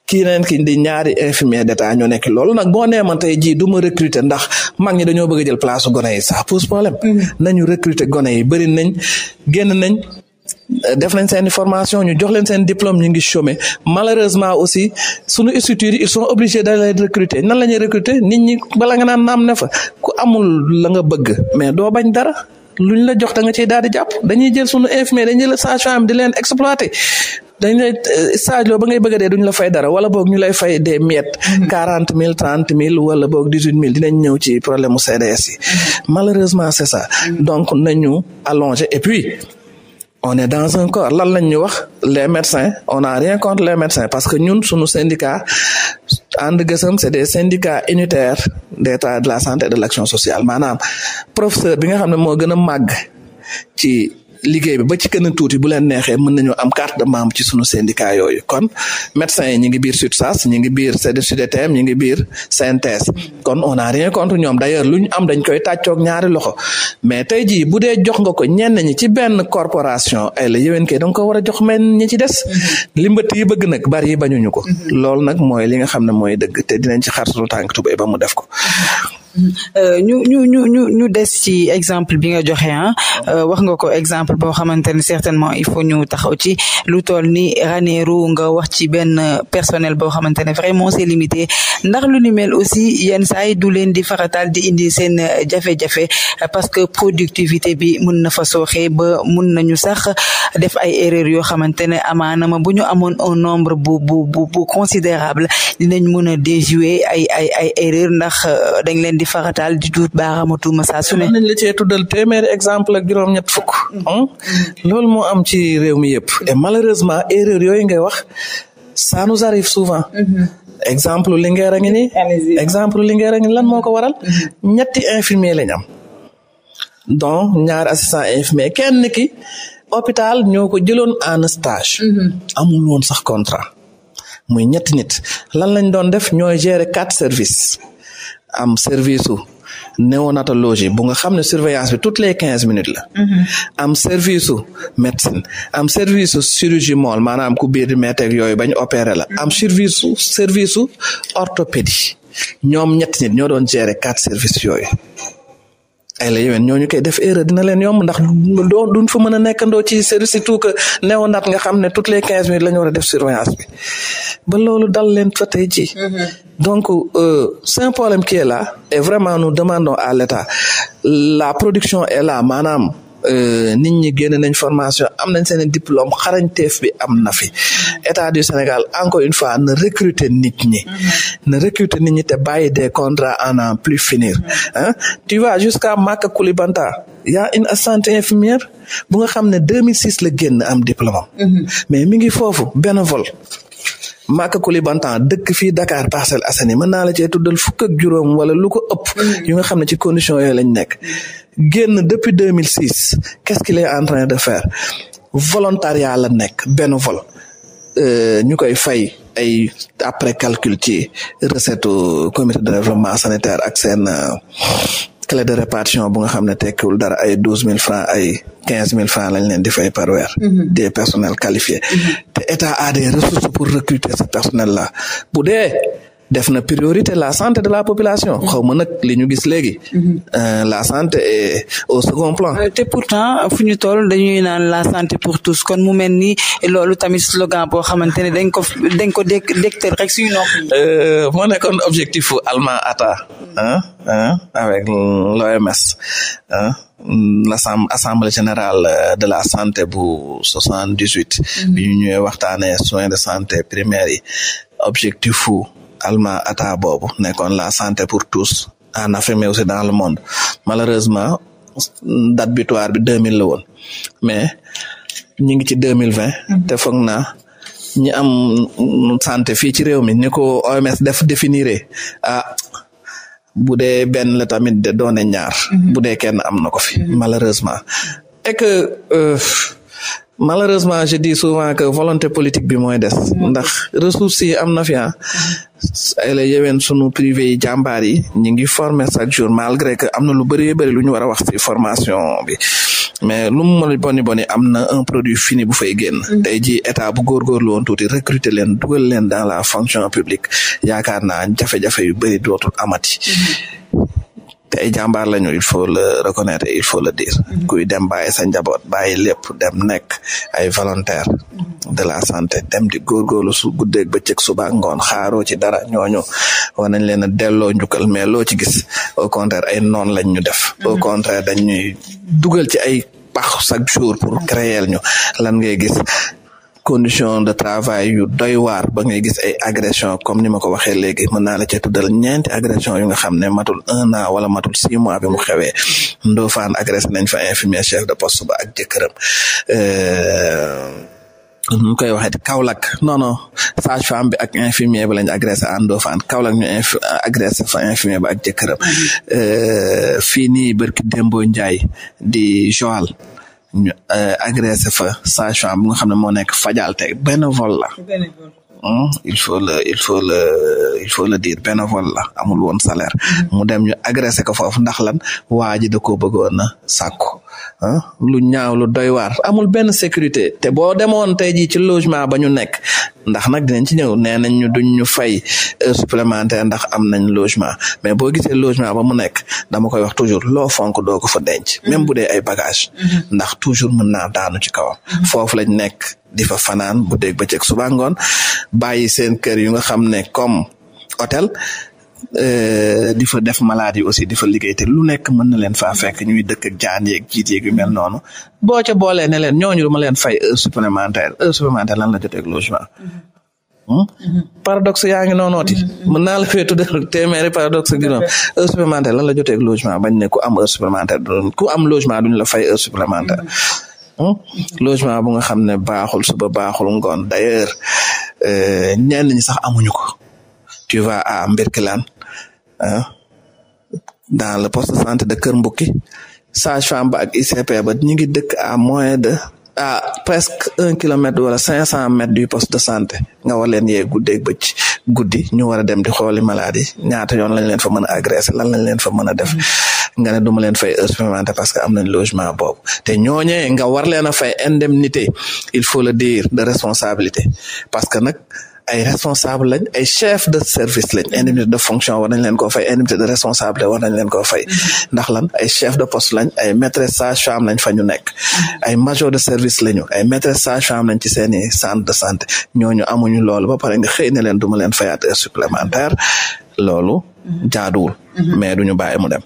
kii kineen ki di ñaari infirmier d'état ñoo nekk loolu nag boo nee ma tey jii du ma ndax mag ñi dañoo bëgg a jël place gone yi ça pose problème mm. nañu recruter gone yi bëri nañ génn nañ euh, def nañ seen formation ñu jox leen seen diplôme ñu ngi chômer malheureusement aussi sunu structures yi ils sont obligés d'aller recruter nan la ñuy recruter nit ñi bala nga naan naam ne fa ku amul la nga bëgg mais doo bañ dara luñ la jox da nga ciy daal di jàpp dañuy jël sunu infirmier dañuy jël sage-femme leen exploiter dañ lay eh, saajo ba ngay bëgg a dee la fay dara wala boog ñu lay fay des miettes mm-hmm. quarante mille trente mille wala boog dix huit mille dinañ ñëw ci problème mu CDS yi mm-hmm. malheureusement c'est ça mm-hmm. donc nañu allongé et puis on est dans un corps lan lañ ñu wax les médecins on a rien contre les médecins parce que ñun suñu syndicat And Gueusseum c'est des syndicats unitaires d'état de la santé de l'action sociale maanaam professeur bi nga xam ne moo gën a màgg ci liggéey bi ba ci gën a tuuti bu leen neexee mën nañu am carte de membre ci sunu syndicat yooyu kon médecins yi ñu ngi biir SUTSAS ñu ngi biir SUDTM ñu ngi biir CNTS kon on a rien contre ñoom d'ailleurs lu ñu am dañ koy tàccoog ñaari loxo mais tey jii bu dee jox nga ko ñenn ñi ci benn corporation ay la yéwén kay da nga ko war a jox men ñi ci des mm-hmm. li mbëtt yi bëgg nag bari yi bañuñu ko mm-hmm. loolu nag mooy li nga xam ne mooy dëgg te dinañ ci xar sunu tànk tubéy ba mu def ko mm-hmm. Euh, ñu ñu ñu ñu ñu des ci exemple bi nga joxe ah wax nga ko exemple boo xamante ne certainement il faut ñu taxaw ci lu toll ni Ranérou nga wax ci benn personnel boo xamante ne vraiment c'est limité ndax lu ni mel aussi yenn saay du leen di faratal di indi seen jafe-jafe parce que productivité bi mun na fa sooxee ba mun nañu sax def ay erreur yoo xamante ne amaana ma bu ñu amoon un nombre bu bu bu bu considérable dinañ mën a déjouer ay ay ay erreur ndax euh, dañ leen di farataal di duut baaraamu tuuma saa su ne. nañ la cee tuddal téeméeri exemple ak juróom-ñett fukk. Hmm? loolu moo am ci réew mi yëpp. et malheureusement erreur yooyu ngay wax ça nous arrive souvent. Mm-hmm. exemple Linguère a ngi nii. exemple Linguère a ngi lan moo ko waral. Mm-hmm. ñetti infirmier lañ am. donc ñaar assistant infirmier kenn ki hôpital ñoo ko jëloon en stage. Mm-hmm. amul woon sax contrat. muy ñetti nit lan lañ doon def ñooy gérer quatre services. am service su néonatologie bu nga xam ne surveillance bi toutes les quinze minutes la. Mm-hmm. am service su médecine am service su chirurgie molle maanaam ku biir di metteeg ba bañ opéré la. am mm-hmm. service su service su orthopédie ñoom ñett nit ñoo doon gérer quatre services yooyu. ay eh, la yéwén ñooñu koy def erreur dina leen yomb ndax doo duñ fa mën a nekkandoo ci service surtout que néonat nga xam ne toutes les quinze minutes la a def surveillance bi ba loolu dal leen fa tey ji mm-hmm. donc euh, c'est un problème qui est et vraiment nu demandons à l'État la production est la maanaam Euh, nit ñi génn nañ formation am nañ seen diplôme xarañteef bi am na fi mm-hmm. état du Sénégal encore une fois na recruter nit ñi mm-hmm. na recruter nit ñi te bàyyi des contrats en n'en plus finir ah tu vois jusqu'à Maka Koulibanta y a une assistante infirmière bu nga xam ne 2006 la génn am diplôme mais mi ngi foofu bénévole Maka Koulibantang dëkk fii Dakar Parcelles Assainies mën naa la cee tuddal fukk ak juróom wala lu ko ëpp mm. yu nga xam ne ci condition yooyu lañ nekk génn depuis 2006 qu'est-ce qu'il est en train de faire volontariat la nekk benn bénévole euh, ñu koy fay ay après calcul ci recette comité de développement sanitaire ak seen euh, clé de répartition bu nga xam ne tekkiwul dara ay douze mille francs ay quinze mille francs lañ leen di par weer. Mhm. des personnels qualifiés. Mhm. te état a des ressources pour recruter ce personnel là bu def na priorité la santé de la population. Mm-hmm. xaw ma nag li ñu gis léegi. Mm-hmm. Euh, la santé est au second plan. Euh, te pourtant fu ñu toll dañuy naan la santé pour tous kon mu mel ni loolu tamit slogan boo xamante ne dañ ko dañ ko dé déktal rek suñu noo. Euh, moo nekkoon objectif fu allemand ata ah avec l'OMS ah l'assemblée assemblée générale de la santé bu soixante dix huit. Mm-hmm. bi ñu ñëwee waxtaanee soins de santé primaires yi. objectifu allemand ata boobu nekkoon la santé pour tous en Afrique mais aussi dans le monde malheureusement date butoir bi deux mille woon mais ñu ngi ci deux mille vingt mhm. te foog naa ñi am santé fii ci réew mi ni ko OMS def définiré ah bu dee benn la tamit de doone ñaar mhm. bu dee kenn am na ko fi mhm. malheureusement et que euh, malheureusement je dis souvent que volonté politique bi mooy des ndax ressources yi am na fi ah ay sunu privé yi jàmbaar yi ñu ngi former chaque jour malgré que am na lu bëree bëri lu ñu war a wax ci formation bi mais lu mu mën boni boni am na un produit fini bu fay génn mm-hmm. tey ji état bu góorgóorlu woon tuuti recruter leen dugal leen dans la fonction publique yaakaar naa jafe-jafe yu bëri dootul amati mm-hmm. ay jàmbaar lañu il faut le reconnaître il faut le diir mm-hmm. kuy dem bàyyi sa njaboot bàyyi lépp dem nekk ay volontaire mm-hmm. de la santé dem di góorgóorlu su guddeeg bëccëg suba ngoon xaaroo ci dara ñooñu war nañ leen a delloo njukkal mais loo ci gis au contraire ay noon lañ ñu def mm-hmm. au contraire dañuy dugal ci ay pax chaque jour pour créer ñu lan ngay gis condition de travail yu doy waar ba ngay gis ay agression comme ni ma ko waxee léegi mën naa la ci tuddal ñeenti agression yu nga xam ne matul un an wala matul six mois bi mu xewee Ndofane agressé nañ fa infirmier chef de poste ba ak jëkkëram ñu euh, koy waxee Kaolack non non bi ak infirmier bi lañ agressé à Ndofane Kaolack ñu inf agressé fa infirmier ba ak jëkkëram mm-hmm. euh, fii nii barki Dembo Ndiaye di Joal ñu euh, agressé fa sage-femme bu nga xam ne moo nekk fajalte benn vol la il faut le il faut le il faut le dire bénévole la amul woon salaire mu dem ñu agressé ko foofu ndax lan waa ji da koo bëggoon a lu ñaaw lu doy waar amul benn sécurité te boo demoon tey jii ci logement ba ñu nekk ndax nag dinañ ci ñëw nee nañ ñu duñ ñu fay heure ndax am nañ logement mais boo gisee logement ba mu nekk dama koy wax toujours loo fonk doo ko fa denc même bu dee ay bagage mm-hmm. ndax toujours mën naa daanu ci kawam mm-hmm. foofu lañ nekk di fa fanaan bu dégg bëccëg suba ngoon bàyyi seen kër yu nga xam ne comme hôtel euh, di fa def maladie aussi difa fa liggéey te lu nekk mën na leen faa fekk ñuy dëkk ak jaan yeeg jiit noonu boo ca ne leen ñooñu ma leen fay heure supplémentaire heure supplémentaire lan la jotee ak logement. Hmm? paradoxe yaa ngi noonooti. mën naa la fee te téeméeri paradoxe ak juróom heure supplémentaire lan la jotee ak logement bañ ne ku am heure supplémentaire du ku am logement la fay heure supplémentaire. logement bu nga xam ne baaxul suba baaxul ngoon d'ailleurs euh, ñenn ñi sax amuñu ko tu vas à Mbirkilane ah dans le poste de santé de Kër Mbukki sage-femme ba ak ICP ba ñu ngi dëkk moyen moins de à presque un kilomètre wala cinq cent mètres du poste de santé nga war leen yee guddeeg bëcc guddi ñu war a dem di xooli maladie ñaata yoon lañ leen fa mën a agressé lan lañ leen fa mën a def. nga ne du ma leen fay heure parce que am nañ logement boobu te ñooñee nga war leen a fay indemnité il faut le dire de responsabilité parce que nag ay responsable lañ ay chef de service lañ indemnité de fonction war nañ leen koo fay indemnité de responsabilité war nañ leen koo fay mm-hmm. ndax lan ay chef de poste lañ ay maîtresse sage-femme lañ fa ñu nekk mm-hmm. ay major de service lañu ay maîtresse sage-femme lañ ci seeni centre de santé ñooñu amuñu loolu ba pare nga xëy ne leen du ma leen fayaat heure supplémentaire loolu mm-hmm. jaaduwul mais duñu bàyyi mu dem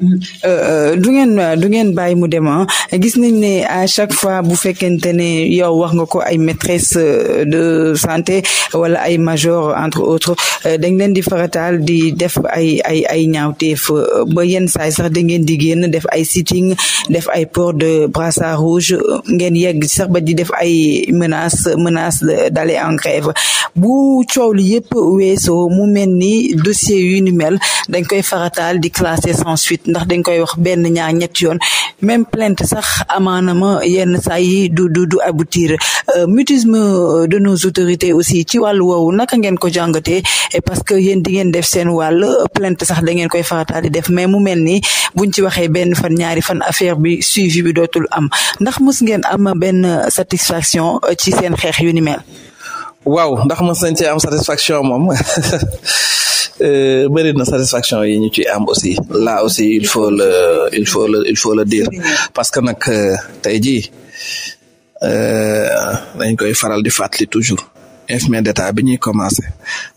Euh, euh, du ngeen du ngeen bàyyi mu dem ah. gis nañ ne à chaque fois bu fekkente ne yow wax nga ko ay maîtresse euh, de santé wala ay major entre autres dañ leen di faratal di def ay ay ay ñaawteef ba yenn saay sax da ngeen di génn def ay sitting def ay port de brassard rouge ngeen yegg sax ba di def ay menace menace dale en grève bu coow li yëpp weesoo mu mel ni dossier yu ni mel dañ koy farataal di classer sans suite ndax dañ koy wax benn ñaar ñetti yoon même plainte sax amaana ma yenn saa yi du du du aboutir euh, mutisme euh, de nos autorités aussi ci wàllu woowu naka ngeen ko jàngatee parce que yéen di def seen wàll plainte sax da ngeen koy farataal di def mais mu mel ni buñ ci waxee benn fan ñaari fan affaire bi suivi bi dootul am ndax mos ngeen am benn satisfaction euh, ci seen xeex yu ni mel. ndax mos nañ cee am Euh, bëri na satisfaction yi ñu ci am aussi là aussi il faut le il faut le il le dire parce que nag euh, tey jii euh, dañ koy faral di fàttali toujours infirmier d'état bi ñuy commencé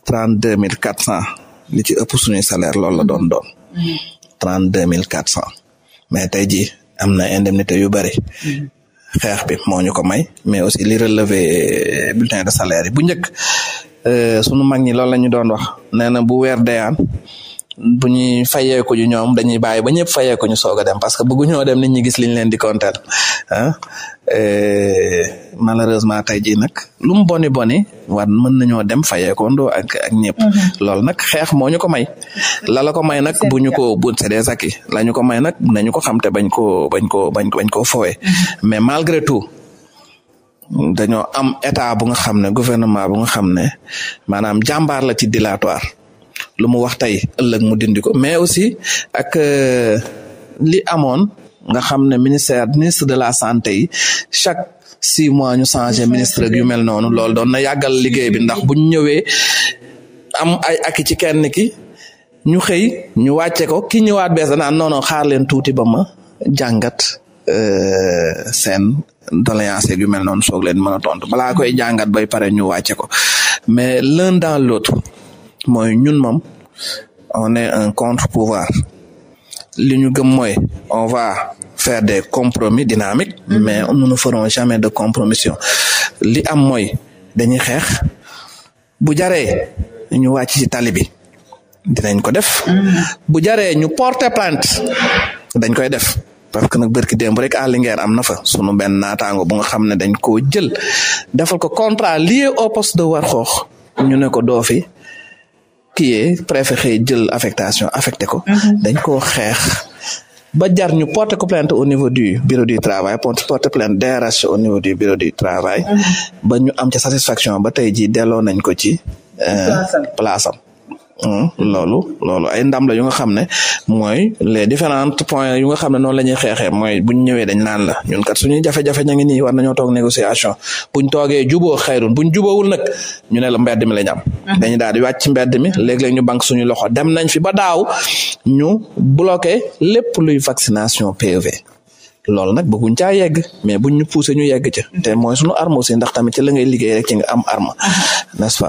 trente deux mille quatre cent li ci ëpp suñuy salaire loolu la doon doon trente deux mille quatre cent mais tey jii am na indemnité yu bëri mm-hmm. xeex bi moo ko may mais aussi li relevé bulletin de salaire bu njëkk Eh, sunu mag ñi loolu la ñu doon wax nee na bu weer deyaan bu ñuy fayeeku ñu ñoom dañuy bàyyi ba ñëpp fayeeku ñu soog a dem parce que ñoo dem nit ñi gis liñ leen di konteel ah eh, malheureusement tey jii nag lu mu boni boni war mën nañoo dem fayeekondoo ak ak ñëpp. Mm-hmm. loolu nag xeex moo ko may. la la ko may nag bu ñu ko bu c'est des acquis la ñu ko may nag nañu ko xam bañ koo bañ koo bañ koo koo fowee mm-hmm. mais malgré tout. dañoo am état bu nga xam ne gouvernement bu nga xam ne maanaam jàmbaar la ci dilatoire lu mu wax tey ëllëg mu dindi ko mais aussi ak euh, li amoon nga xam ne ministère ministre de la santé yi chaque six mois ñu changé ministre yu mel noonu loolu doon na yàggal liggéey bi ndax buñ ñëwee am ay aki ci kenn ki ñu xëy ñu wàcce ko ki ñëwaat bees a naan non xaar leen tuuti ba ma jàngat euh, seen doléance yu mel noonu soog leen mën a tontu balaa koy jàngat bay pare ñu wàcce ko mais l'un dans l'autre mooy ñun moom on est un contre-pouvoir li ñu gëm mooy on va faire des compromis dynamiques mm-hmm. mais nous ne ferons jamais de compromission li am mooy dañuy xeex bu jaree ñu wàcc ci tali bi dinañ ko def mm-hmm. bu jaree ñu porter plainte dañ koy def parce que nag barki démb rek à Linguère am na fa sunu benn naataango bu nga xam ne dañ koo jël defal ko contrat lié au post de Warxoox ñu ne ko doofi fi kii préfet xëy jël affectation affecté ko. Mhm. dañ koo xeex. ba jar ñu porter ko plainte au niveau du bureau du travail porter plainte DRH au niveau du bureau du travail. Mhm. ba ñu am ca satisfaction ba tey jii delloo nañ ko ci. Euh, place loolu loolu ay ndam la yu nga xam ne mooy les différents points yu nga xam ne noonu la ñuy xeexee mooy buñ ñëwee dañ naan la ñun kat suñuy jafe-jafe ña ngi nii war nañoo toog négociation buñ toogee juboo xayrun buñ juboowul nag ñu ne la mbedd mi la ñu am dañu daal di wàcc mbedd mi léeg ñu banque suñu loxo dem nañ fi ba daaw ñu bloqué lépp luy vaccination PEV loolu nag bëgguñ caa yegg mais buñ ñu poussé ñu yegg ca te mooy suñu arme aussi ndax tamit ci la ngay liggéey rek ci nga am arme nest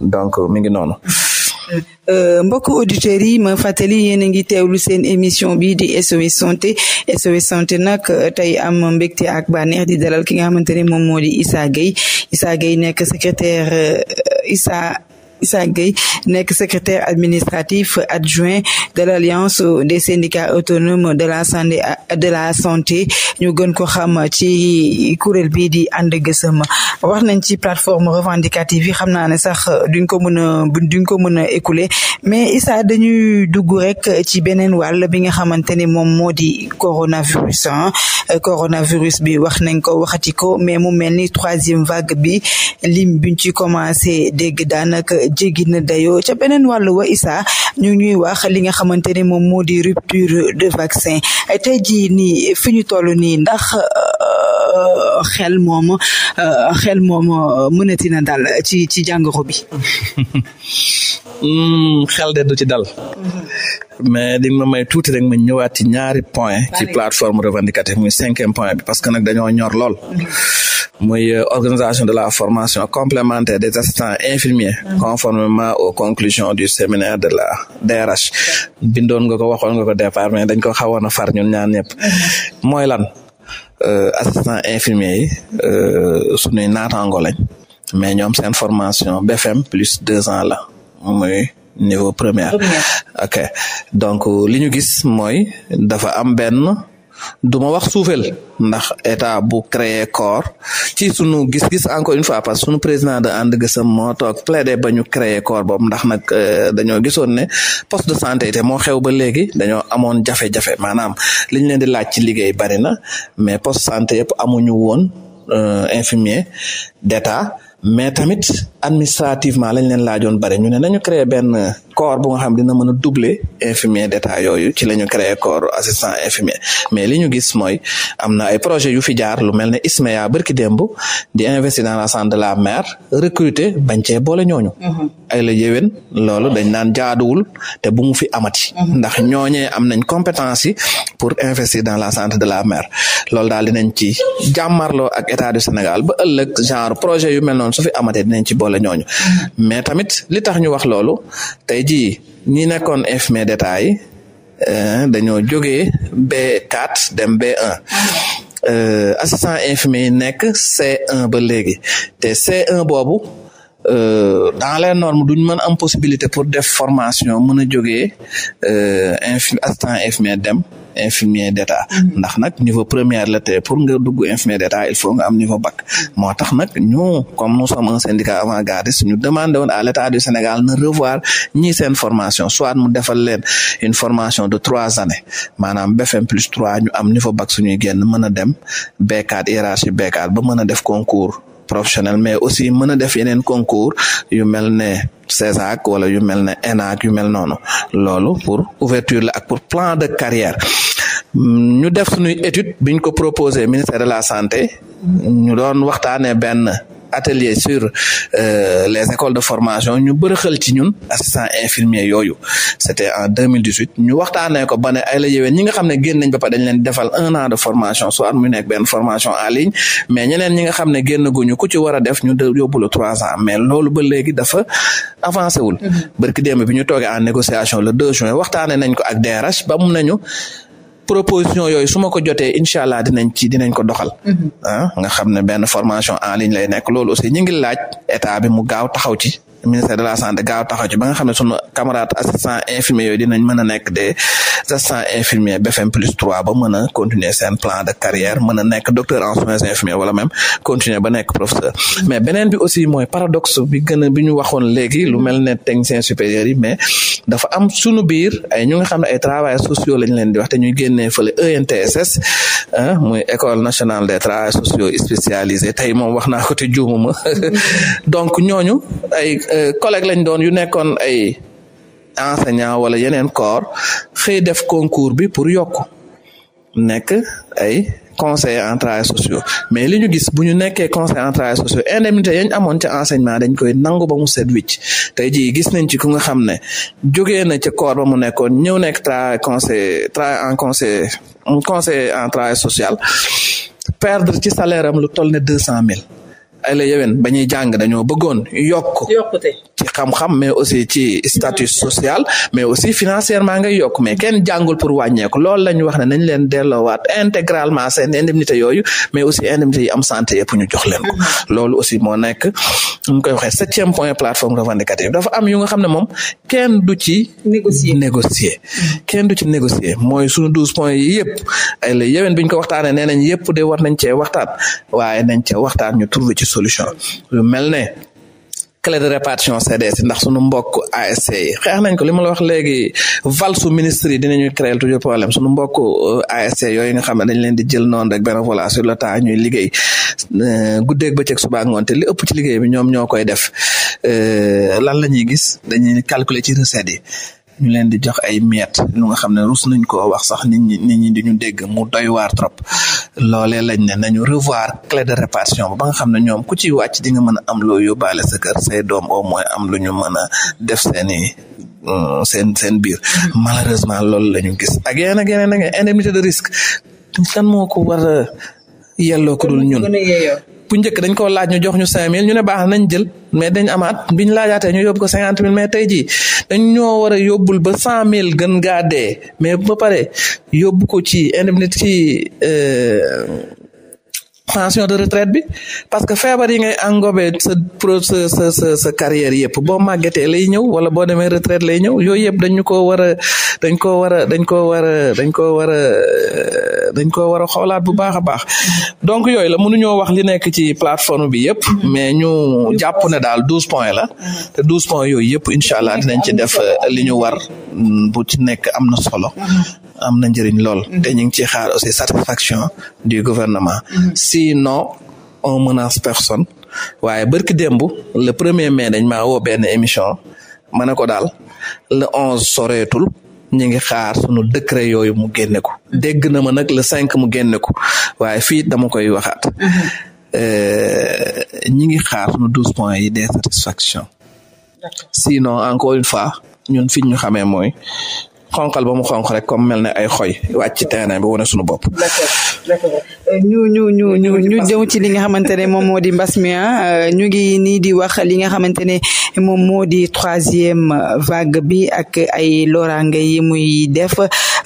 donc mi ngi noonu Euh, mbokk auditeurs yi ma fàttali yéen a ngi teewlu seen émission bi di SOS santé SOS santé nag euh, tey am mbégte ak bànneex di dalal ki nga xamante ne moom moo di Issa Gueye Issa Gueye nekk secrétaire euh, Issa Issa Gueye nekk secrétaire administratif adjoint de l'alliance des syndicats autonomes de la santé de la santé ñu gën ko xam ci kuréel bi di ànd gësëm wax nañ ci plateforme revendicative yi xam naa ne sax duñ ko mën a duñ ko mën a écouler mais Issa dañuy dugg rek ci beneen wàll bi nga xamante ni moom moo di coronavirus coronavirus bi wax nañ ko waxati ko mais mu mel ni troisième vague bi lim biñ ci commencé dégg daanaka jéggi na dayoo ca beneen wàllu wa Issa ñu ñuy wax li nga xamante ne moom moo di rupture de vaccin tey jii nii fi ñu toll nii ndax xel moom euh, xel moom mënati na dal ci ci jàngoro bi. Hmm, xel de du ci dal. Mhm. mais di ma may tuuti rek ma ñëwaat ci ñaari point ci plateforme revendicative muy cinquième point parce que nag dañoo ñor lool. Mhm. muy euh, organisation de la formation complémentaire des assistants infirmiers. Mhm. conformément aux conclusions du séminaire de la DRH. bindoon nga ko waxoon nga ko départ mais dañ ko xawoon a far ñun ñaar ñëpp. mooy Euh, assistant infirmier yi euh, suñuy naataango lañ mais ñoom seen formation BFM plus deux ans la muy niveau première ok donc li ñu gis mooy dafa am benn du ma wax suufel ndax état bu créé corps ci sunu gis-gis encore une fois parce que sunu président de And Gueusseum moo toog plaidé ba ñu créé corps boobu ndax nag euh, dañoo gisoon ne poste de santé te moo xew ba léegi dañoo amoon jafe-jafe maanaam liñ leen di laaj ci liggéey bari na mais poste santé yëpp amuñu woon euh, infirmier d'état mais tamit administrativement lañ leen laajoon bare ñu ne nañu créer benn corps bu nga xam dina mën a doubler infirmier d'état yooyu ci la ñu créer corps assistant infirmier mais li ñu gis mooy am na ay projet yu fi jaar lu mel ne ISMEA bërki démb di investir dans la santé de la maire recruter bañ cee boole ñooñu mm-hmm. ay la yéwén loolu dañ naan jaaduwul te bu mu fi amati mm-hmm. ndax ñooñee am nañ compétence yi pour investir dans la santé de la maire loolu daal dinañ ci jàmmarloo ak état du Sénégal ba ëllëg genre projet yu mel noonu su fi dinañ ci boole jàppale ñooñu mais tamit li tax ñu wax loolu tey jii ñi nekkoon infirmier d'état yi euh, dañoo jógee B4 dem B1 euh, assistant infirmier yi nekk c un ba léegi te c un boobu Euh, dans les normes duñ mën am possibilité pour def formation mën a jógee euh, inf assistant infirmier dem infirmier d'état mm-hmm. ndax nag niveau première la te pour nga dugg infirmier d'état il faut nga am niveau bak moo tax nag ñu comme nous sommes un syndicat avant-gardiste ñu demandé woon à l'état du Sénégal revoir ñi seen formation soit mu defal leen une formation de trois années maanaam BFM plus ñu am niveau bac suñuy génn mën a dem B4 hiérarchie b ba mën a def concours professionnel mais aussi mën a def yeneen concours yu mel ne ak wala yu mel ne ENAC yu mel noonu loolu pour ouverture la ak pour plan de carrière ñu def suñuy étude biñ ko proposé ministère de la santé ñu doon waxtaanee benn atelier sur euh, les écoles de formation ñu bërëxal ci ñun assistant infirmier yooyu c'était en 2018 ñu waxtaanee ko ba ne ay la ñi nga xam ne génn nañ ba pare dañ leen defal un an formation soit mu nekk benn formation en mais ñeneen ñi nga xam ne génn guñu ci war a def ñu yóbbu la trois ans mais loolu ba léegi dafa avancé wul. Mm-hmm. barki démb bi ñu toogee en négociation le 2 juin waxtaanee nañ ko ak DRH ba mu nañu proposition yooyu su ma ko jotee incha allah dinañ ci dinañ ko doxal. Mm-hmm. ah nga xam ne benn formation en ligne lay nekk loolu aussi ñu ngi laaj état bi mu gaaw taxaw ci. ministère de la santé gaaw taxaw ci ba nga camarade assistant infirmier yooyu dinañ mën a nekk des assistants infirmiers BFM plus trois ba mën a continuer seen plan de carrière mën a nekk docteur en soins infirmiers wala même continuer ba nekk professeur mais beneen bi aussi mooy paradoxe bi gën a bi ñu waxoon léegi lu mel ne technicien supérieur yi mais dafa am sunu biir ay ñu nga xam ne ay travailleurs sociaux lañ leen di wax te ñuy génnee fële ENTSS ah muy école nationale des travailleurs sociaux spécialisés tey moom wax naa ko juumuma Euh, collègue lañ doon yu nekkoon ay enseignant wala yeneen corps xëy def concours bi pour yokk nekk ay conseil en travail sociaux mais li ñu gis bu ñu nekkee conseillers en travail sociaux indemnité yañ amoon ca enseignement dañ koy nangu ba mu set wicc tey jii gis nañ ci ku nga xam ne jógee na ca corps ba mu nekkoon ñëw nekk travail conseil travail en conseil conseil en travail social perdre ci salaire am lu toll ne deux cent mille ay la yewen ba ñuy jàng dañoo bëggoon yokk yokkute ci xam-xam mais aussi ci statut sociale mais aussi financièrement ngay yokk mais kenn jàngul pour wàññeeku loolu la ñu wax ne nañ leen delloowaat intégralement seen indemnité yooyu mais aussi indemnité yi am santé yëpp ñu jox leen ko mm-hmm. loolu aussi moo nekk ñu koy waxee septième point plateforme revendicative dafa am yu nga xam ne moom kenn du ci négocier négocier mm-hmm. kenn du ci négocier mooy suñu douze points yi yëpp ay la yeween biñ ko waxtaanee nee nañ yëpp de war nañ cee waxtaan waaye nañ cee waxtaan ñu trouver ci solution lu mel cle de répartition CDS ndax sunu mbokk ASC xeex nañ ko li ma la wax léegi valsu ministre yi dinañu créer toujours problème sunu mbokk euh, ASC yooyu nga xam ne dañ leen di jël noon rek benn voilà sur le temps ñuy liggéey euh, guddeeg bëccëg suba ak ngoon te li ëpp ci liggéey bi ñoom ñoo koy def euh, lan la ñuy gis dañuy calculer ci recette yi ñu leen di jox ay miet lu nga xam ne rus nañ koo wax sax ni ñi nit ñi di ñu dégg mu doy waar trop loolee lañ ne nañu revoir clé de répartition ba nga xam ne ñoom ku ci wàcc di nga mën a am loo yóbbaale sa kër say doom o moins am lu ñu mën a def seeni euh, seen seen biir malheureusement loolu la ñu gis ak yeneen ak yeneen indemnité de risque kan moo ko war a yelloo ko dul ñun bu njëkk dañ koo laaj ñu jox ñu cinq mil ñu ne baax nañ jël mais dañ amaat biñ laajaatee ñu yóbbu ko cinquante mille mais tey jii dañ ñoo war a yóbbul ba cent mille gën gaa dee mais ba pare yóbbu ko ci indemnité ci euh, pension de retraite bi parce que feebar yi ngay engobee sa pro sa sa sa carrière yëpp boo màggetee lay ñëw wala boo demee retraite lay ñëw yooyu yëpp dañu ko war a dañ koo war a dañ koo war a dañ koo war a dañ koo war a xoolaat bu baax a baax donc yooyu la mënuñoo wax li nekk ci plateforme bi yëpp mais ñu jàpp ne daal douze points la te douze points yooyu yëpp incha allah dinañ ci def li ñu war bu ci nekk am na solo am na njëriñ lool. Mhm. te ñu ngi ciy xaar aussi satisfaction du gouvernement. Mhm. sinon on menace personne. waaye barki démb le premier mai dañ maa woo benn émission ma ne ko daal le onze soreetul ñu ngi xaar sunu décret yooyu mu génne ko mhm. dégg na ma nag le cinq mu génne ko waaye fii dama koy waxaat. Euh, ñi ngi xaar sunu douze points yi des satisfaction sinon encore une fois ñun fi ñu xamee mooy xonqal bo mu xonq rek comme mel ne ay xoy wàcc ci terrain bi wane suñu bopp. d'accord d'accord. ñu ñu ñu ñu ñu jëm ci li nga xamante ne moom moo di mbas ah. euh, ñu ngi nii di wax li nga xamante ne moom moo di troisième vague bi ak ay loraange yi muy def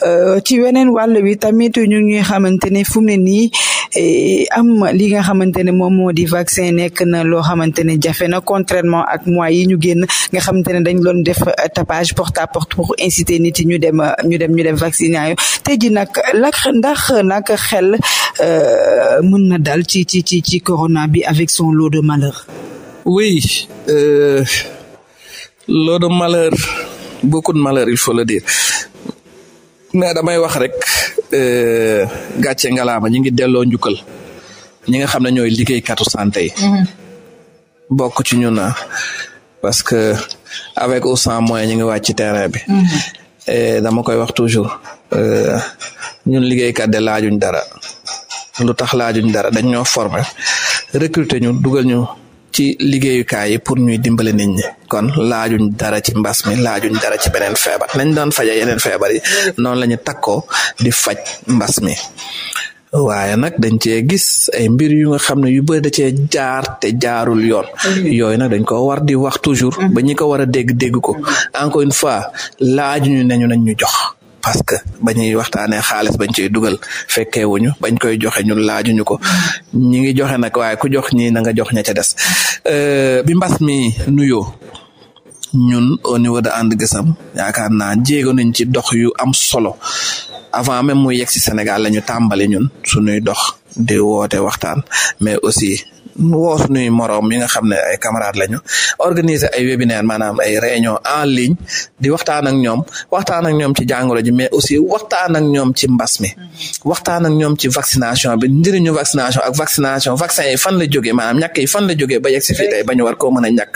euh, ci weneen wàll wi tamit ñu ngi xamante ne fu mu ne nii eh, am li nga xamante ne moom moo di vaccin nekk na loo xamante ne jafe na contrairement ak mois yi ñu génn nga xamante ne dañ doon def euh, tapage porte à porte pour inciter nit yi ñu dem ñu dem ñu dem vacciner yo tey ji nag ndax nag xel. Euh, mën na daal ci ci ci ci corona bi avec son lot de malheur. oui euh, lot de malheur beaucoup de malheur il faut le dire damay wax rek euh, gàcce ngalaama ñu ngi delloo njukkal ñi nga xam ne ñooy liggéey santé yi. Mhm. bokk ci ñun ah. parce que avec ou sans moyen ñu ngi wàcc ci terrain bi. Mhm. dama koy wax toujours euh, ñun liggéeykat de laajuñ dara lu tax laajuñ dara dañ ñoo former recruter ñu dugal ñu ci liggéeyukaay yi pour ñuy dimbale nit ñi kon laajuñ dara ci mbas mi laajuñ dara ci beneen feebar nañ daan faja yeneen feebar yi noonu la ñu takkoo di faj mbas mi waaye nag dañ cee gis ay mbir yu nga xam ne yu bëri da cee jaar te jaarul yoon mm-hmm. yooyu nag dañ ko war di wax toujours mm-hmm. ba ñi ko war a dégg dégg ko encore une fois laajuñu nañu nañ ñu jox parce que ba ñuy waxtaanee xaalis bañ ciy dugal fekke wuñu bañ koy joxe ñun laajuñu ko ñi ngi joxe nag waaye ku jox ñi nanga nga jox ña ca des euh, bi mbas mi nuyoo ñun au niveau de And Gueusseum yaakaar naa jéego nañ ci dox yu am solo avant même mu yegg si Sénégal la ñu tàmbali ñun suñuy dox di woote waxtaan mais aussi nu woo moroom mi nga xam ne ay camarades lañu organiser ay webinaire maanaam ay réunion en ligne di waxtaan ak ñoom waxtaan ak ñoom ci jàngoro ji mais aussi waxtaan ak ñoom ci mbas mi waxtaan ak ñoom ci vaccination bi njëriñu vaccination ak vaccination vaccin yi fan la jógee maanaam ñàkk yi fan la jógee ba yegg si fii tey ba ñu war koo mën a ñàkk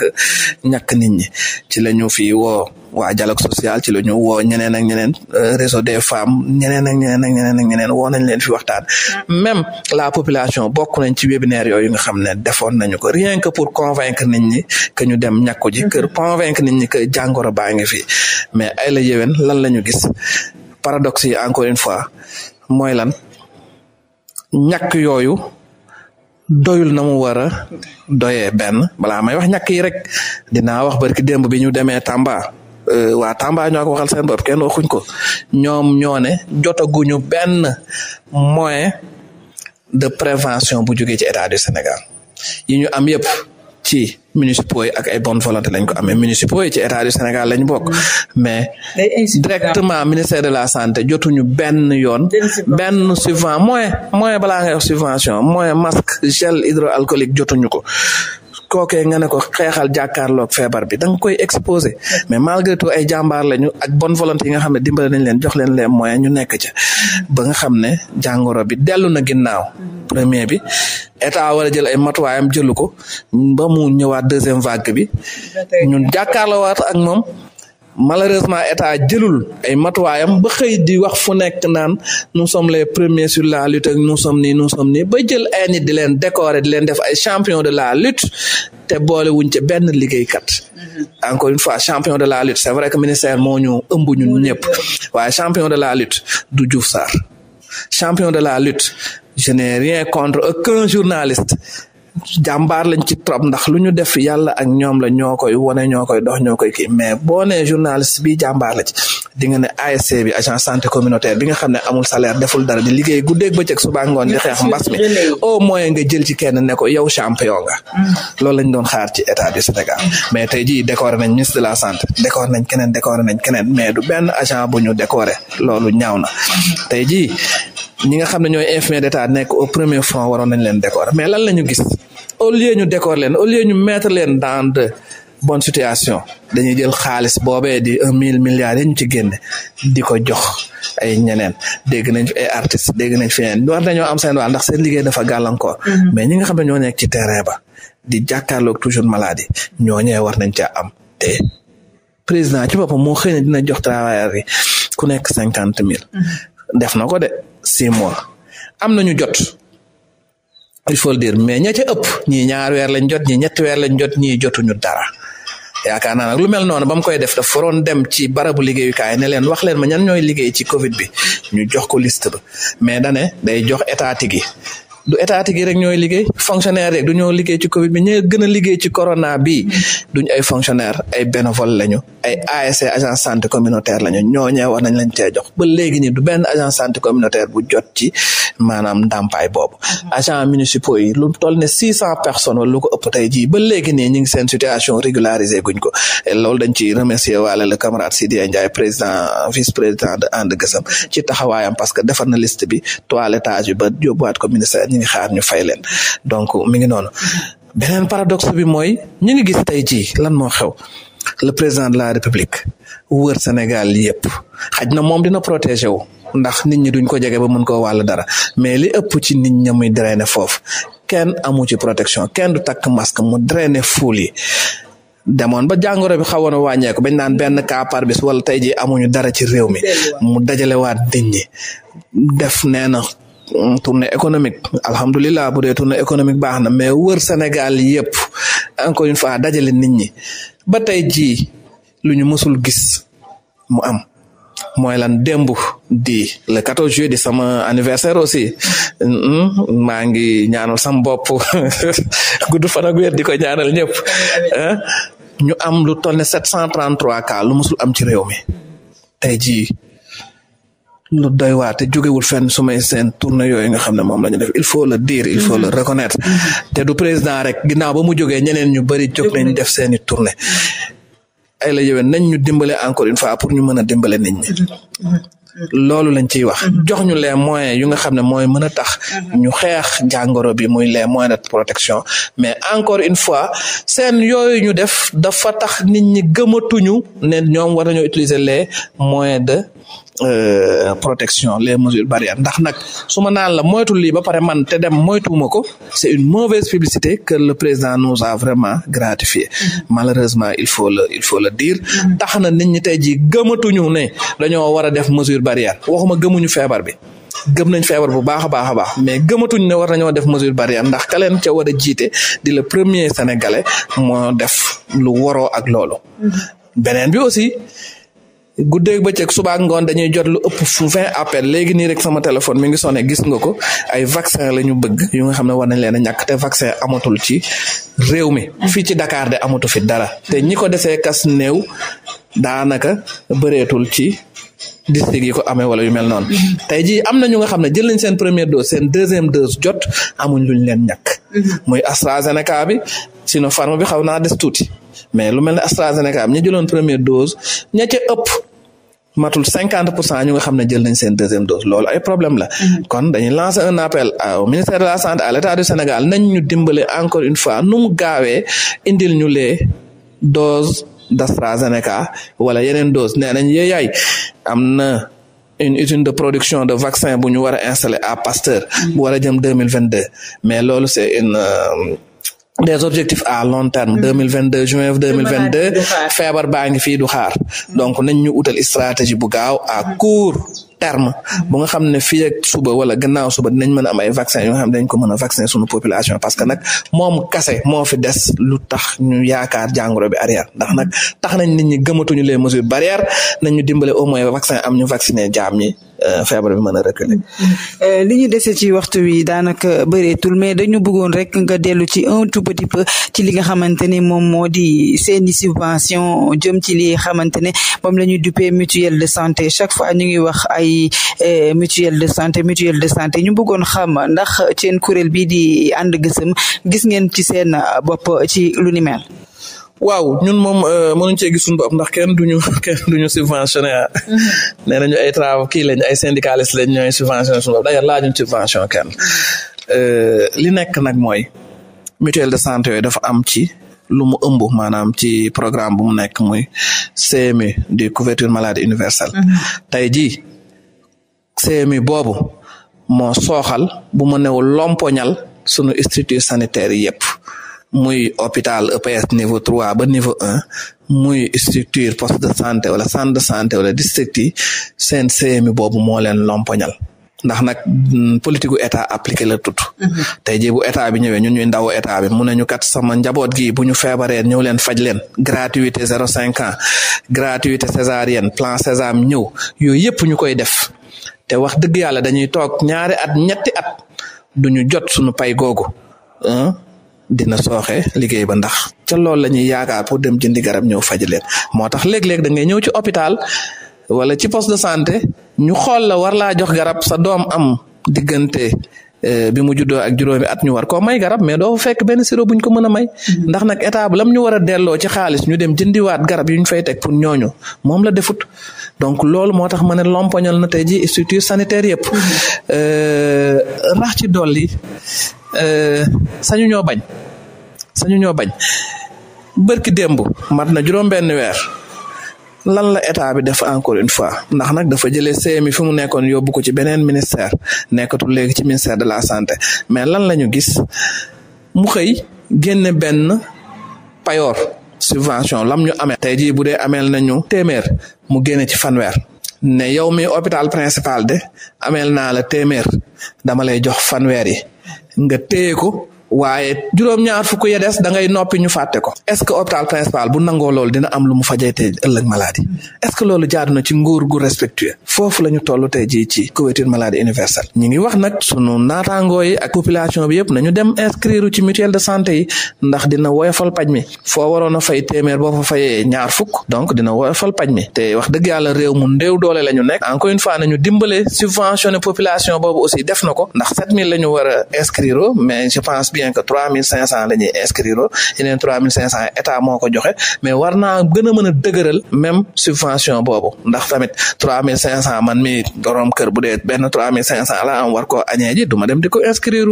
ñàkk nit ñi ci la ñu fi woo waa dialogue social ci la ñu woo ñeneen ak ñeneen euh, réseau des femmes ñeneen ak ñeneen ak ñeneen ak ñeneen woo nañ leen fi waxtaan même la population bokk nañ ci webinaire yooyu nga xam ne defoon nañu ko rien que pour convaincre nit ñi que ñu dem ñàkku ji kër mm-hmm. convaincre nit ñi que jàngoro baa ngi fi mais ay la lan la ñu gis paradoxe yi encore une fois mooy lan ñàkk yooyu doyul na mu war a doyee benn balaa may wax ñàkk yi rek dinaa wax barki démb bi ñu demee Tamba Euh, waa Tamba ñoo ko waxal seen bopp kenn waxuñ ko ñoom ñoo ne jotaguñu benn moyen de prévention bu jógee ci état du Sénégal yi ñu am yëpp ci municipaux yi ak ay bonne volonté lañ ko amee municipaux yi ci état du Sénégal lañ bokk mais directement ministère de la santé jotuñu benn yoon benn subvention moyen moyen balaa ngay wax subvention moyen masque gel hydroalcoolique jotuñu ko kookee nga ne ko xeexal jàkkaarloog feebar bi da nga koy exposé mais malgré tout ay jàmbaar lañu ak bonne volonté yi nga xam ne dimbale nañ leen jox leen les moyens ñu nekk ca ba nga xam ne jàngoro bi dellu na ginnaaw premier bi état war jël ay matuwaayam jëlu ko ba mu ñëwaat deuxième vague bi ñun jàkkaarloowaat ak moom malheureusement état jëlul ay matuwaayam ba xëy di wax fu nekk naan nous sommes les premiers sur la lutte ak nous sommes nii nous sommes nii ba jël ay nit di leen décorer di leen def ay champion de la lutte te boole wuñ ci benn liggéeykat mhm. encore une fois champion de la lutte c'est vrai que ministère moo ñu ëmb ñun ñëpp waaye champion de la lutte du Diouf Sarr champion de la lutte je n'ai rien contre aucun journaliste jàmbaar lañ ci trop ndax lu ñu def yàlla ak ñoom la ñoo koy wane ñoo koy dox ñoo koy kii mais boo nee journaliste bi jàmbaar la ci di nga ne ASC bi agent santé communautaire bi nga xam ne amul salaire deful dara di liggéey guddeeg bëccëg suba ngoon di xeex mbas mi au moins nga jël ci kenn ne ko yow champion nga mm. loolu lañ doon xaar ci état du Sénégal mm. mais tey ji décoré nañ ministre de la santé décoré nañ keneen décoré nañ keneen mais du benn agent bu ñu décoré loolu ñaaw na mm. tey jii ñi a xam ne ñooy infirmiers d'état nekk au premier front waroon nañ leen décorer mais lan la ñu gis au lieu ñu décorer leen au lieu ñu mettre leen dans de bonnes situations dañuy jël xaalis boobee di un mille milliards yi ñu ci génne di ko jox ay ñeneen dégg nañ fi ay artistes dégg nañ fi ñeneen war am seen wàll ndax seen liggéey dafa gàllankoor. Mm-hmm. mais ñi nga xam ne ñoo nekk ci terrain ba di jàkkaarloog toujours maladie ñooñee war nañ caa am te président ci boppam moo xëy na dina jox travailleurs ku nekk cinquante mille. Mm-hmm. six mois am ñu jot il faut le dire mais ña ca ëpp ñii ñaar weer lañ jot ñi ñetti weer lañ jot ñii jotuñu dara yaakaar naa nag lu mel noonu ba koy def dafa waroon dem ci barabu liggéeyukaay ne leen wax leen ma ñan ñooy liggéey ci Covid bi ñu jox ko list ba mais dane day jox état gi du état yi rek ñooy liggéey fonctionnaire rek du ñoo liggéey ci Covid bi ñoo gën liggéey ci corona bi duñ ay fonctionnaire ay bénévole lañu ay ASC agence santé communautaire lañu ñooñee war nañ lañ cee jox ba léegi ni du benn agence santé communautaire bu jot ci maanaam ndàmpaay boobu. Mm-hmm. agents municipaux yi lu toll ne six cent personnes wala lu ko ëpp tey jii ba léegi nii ñu ngi seen situation régularisée guñ ko loolu dañ ci remercier waale le camarade président vice président de And Gueusseum ci parce que defar na liste bi toilettage bi ba ñu xaar ñu fay leen donc mi ngi noonu beneen paradoxe bi mooy ñu ngi gis tey jii lan moo xew le président de la république wër Sénégal yëpp xaj na moom dina protégé wu ndax nit ñi duñ ko jege ba mun ko wàll dara mais li ëpp ci nit ña muy drainer foofu kenn amu ci protection kenn du takk masque mu drainer foule yi demoon ba jàngoro bi xawoon a wàññeeku bañ naan benn cas par bis wala tey jii amuñu dara ci réew mi mu dajalewaat nit ñi def nee Mm, tournée économique alhamdulilah bu dee tournée économique baax na mais wër Sénégal yëpp encore une fois dajale nit ñi ba tey jii lu ñu mësul gis mu am mooy lan démb di la 14 juillet di sama anniversaire aussi mm, maa ngi ñaanal sam bopp gudd fan ak wér di ko ñaanal ñëpp ñu am lu toll ne 733 cas lu mësul am ci réew mi tey jii. lu doy waar te jógewul feen sumay may seen tournée yooyu nga xam ne moom la ñu def il faut le dire il faut le mm-hmm. reconnaître mm-hmm. te du président rek ginnaaw ba mu jógee ñeneen ñu bëri jóg nañ def seeni tournée ay la yowén nañ ñu dimbale encore une fois pour ñu mën a dimbale nit ñi mm-hmm. loolu lañ ciy wax jox ñu les moyens yu nga xam ne mooy mën a tax ñu xeex jàngoro bi muy les moyens de protection mais encore une fois seen yooyu ñu def dafa tax nit ñi gëmatuñu ne ñoom war nañoo utiliser les moyens de Euh, protection le mesures barrières ndax nag suma naan la moytul lii ba pare man te dem moytuwuma ko c'est une mauvaise publicité que le président nous a vraiment gratifié mm-hmm. malheureusement il faut le il le dire mm-hmm. tax na nit ñi tey jii gëmatuñu ne dañoo war a def mesure barrière waxuma gëmuñu feebar bi gëm nañ feebar bu baax a baax a baax mais gëmatuñ ne war nañoo def mesure barrière ndax ka leen ca war a jiite di la premier sénégalais moo def lu woro ak loolu mm-hmm. beneen guddeeg bëccëg suba ak ngoon dañuy jot lu ëpp fu vingt appel léegi nii rek sama téléphone mi ngi sonné gis nga ko ay vaccin la ñu bëgg yu nga xam ne war nañ leen a ñàkk te vaccin amatul ci réew mi fii ci Dakar de amatu fi dara te ñi ko desee kas néew daanaka bëreetul ci district yi ko amee wala yu mel noonu mm-hmm. tey jii am na ñu nga xam ne jël nañ seen première dose seen deuxième dose jot amuñ luñ leen ñàkk mm-hmm. muy AstraZeneca bi Sinopharm bi xaw naa des tuuti mais lu mel ne AstraZeneca bi ña jëloon première dose ña ëpp matul cinquante pour cent ñu nga xam ne jël nañ seen deuxième dose loolu ay problème la mhm. kon dañuy lancer un appel au ministère de la santé à l'état du Sénégal nañ ñu dimbale encore une fois nu mu gaawee indil ñu les doses d'AstraZeneca wala yeneen dose nee nañ am na une usine de production de vaccin bu ñu war a à Pasteur mhm. bu war a jëm deux mais loolu c'est une euh, des objectifs à long terme. Mm-hmm. deux mille vingt deux juin deux mille vingt deux feebar baa ngi fii du xaar. donc nañ ñu utal stratégie bu gaaw à mm-hmm. court terme mm-hmm. bu nga xam ne fii ak suba wala gannaaw suba dinañ mën a am ay vaccin yoo xam ne dañ ko mën a vaccin sunu population parce que nag moom kase moo fi des lu tax ñu yaakaar jàngoro bi arrière ndax nag tax nañ nit ñi gëmatuñu les mesures barrières nañ ñu dimbale au moins vaccin am ñu vacciner jaam ñi. Euh, feebar bi mën a reculer. Euh, li ñu dese ci waxtu wi daanaka bëreetul mais dañu buggoon rek nga dellu ci un tout peu ci li nga xamante ne moom moo di seeni subvention jëm ci li xamante ne moom la ñu duppee mutuelle de santé chaque fois ñu ngi wax ay euh, mutuelle de santé mutuelle de santé ñu bëggoon xam ndax seen kuréel bii di ànd gësëm gis ngeen ci seen bopp ci lu ni waaw ñun moom euh, mënuñ cee gis suñu bopp ndax kenn duñu kenn duñu subventionné ah. Mhm. nee nañu ay travaux kii lañ ay syndicalistes lañ ñooy subventionné suñu bopp d'ailleurs laajuñ subvention kenn euh, li nekk nag mooy mutuelle de santé yooyu dafa am ci lu mu ëmb maanaam ci programme bu mu nekk muy CMU di couverture maladie universelle. Mhm. tey jii CMU boobu moo sooxal bu mu newul lompoñal sunu structure sanitaire yëpp. muy hôpital EPS niveau trois ba niveau en muy structure poste de santé wala centre de santé wala district yi seen CMU boobu moo leen lompoñal ndax nag mm, politique gu état appliqué la tut mhm. tey jii bu état bi ñëwee ñun ñuy ndaw état bi mu ne ñu kat sama njaboot gi bu ñu feebaree ñëw leen faj leen gratuité zéro cinq ans gratuité césarienne plan Sésame ñëw yooyu yëpp ñu koy def te wax dëgg yàlla dañuy toog ñaari at ñetti at duñu jot suñu pay googu dina sooxe liggéey ba ndax ca loolu la ñuy yaakaar pour dem jëndi garab ñëw faj leen moo tax léeg-léeg da ngay ñëw ci hôpital wala ci poste de santé ñu xool la war laa jox garab sa doom am diggante. Euh, bi mu juddoo ak juróomi at ñu war koo may garab mais doo fekk benn sirop buñ ko mën may mm-hmm. ndax nag état bi lam ñu war a delloo ci xaalis ñu dem jëndiwaat garab yu ñu fay teg pour ñooñu moom la defut donc loolu moo tax ma ne lompoñal na tey ji structure sanitaire yëpp mm-hmm. euh, rax ci dolli Euh, sañu ñoo bañ sañu ñoo bañ bërki démb mat na juróom-benn weer lan la état bi def encore une fois ndax nag dafa jëlee CMI fi mu nekkoon yóbbu ko ci beneen ministère nekkatul léegi ci ministère de la santé mais lan la ñu gis mu xëy génne benn payoor subvention lam ñu amee tey jii bu dee ameel nañu téeméer mu génne ci fanweer ne yow mi hôpital principal de ameel naa la téeméer dama lay jox fanweer yi nga téye ko waaye juróom-ñaar fukk ya des da ngay noppi ñu fàtte ko est-ce que hôpital principal bu nangoo loolu dina am lu mu fajee tey ëllëg maladie est-ce que loolu jaadu na ci nguur gu respectueux foofu la ñu toll tey jii ci couverture maladie universelle ñi ngi wax nag su naataangoo yi a population bi yëpp nañu dem inscrire ci mutuelle de santé yi ndax dina woyofal paj mi foo waroon a fay téeméer boo fa fayee ñaar fukk donc dina woyofal paj mi te wax dëgg yàlla réew mu ndéew doole la ñu nekk encore une fois nañu dimbale subventionné population boobu aussi def na ko ndax la ñu war a inscrire mais bien que trois mille cinq cent la ñuy inscrire yeneen trois mille cinq cent état moo ko joxe mais war naa gën a mën a dëgëral même subvention boobu ndax tamit trois mi borom kër bu benn trois mille cinq cent la am war koo añee dem di ko inscrire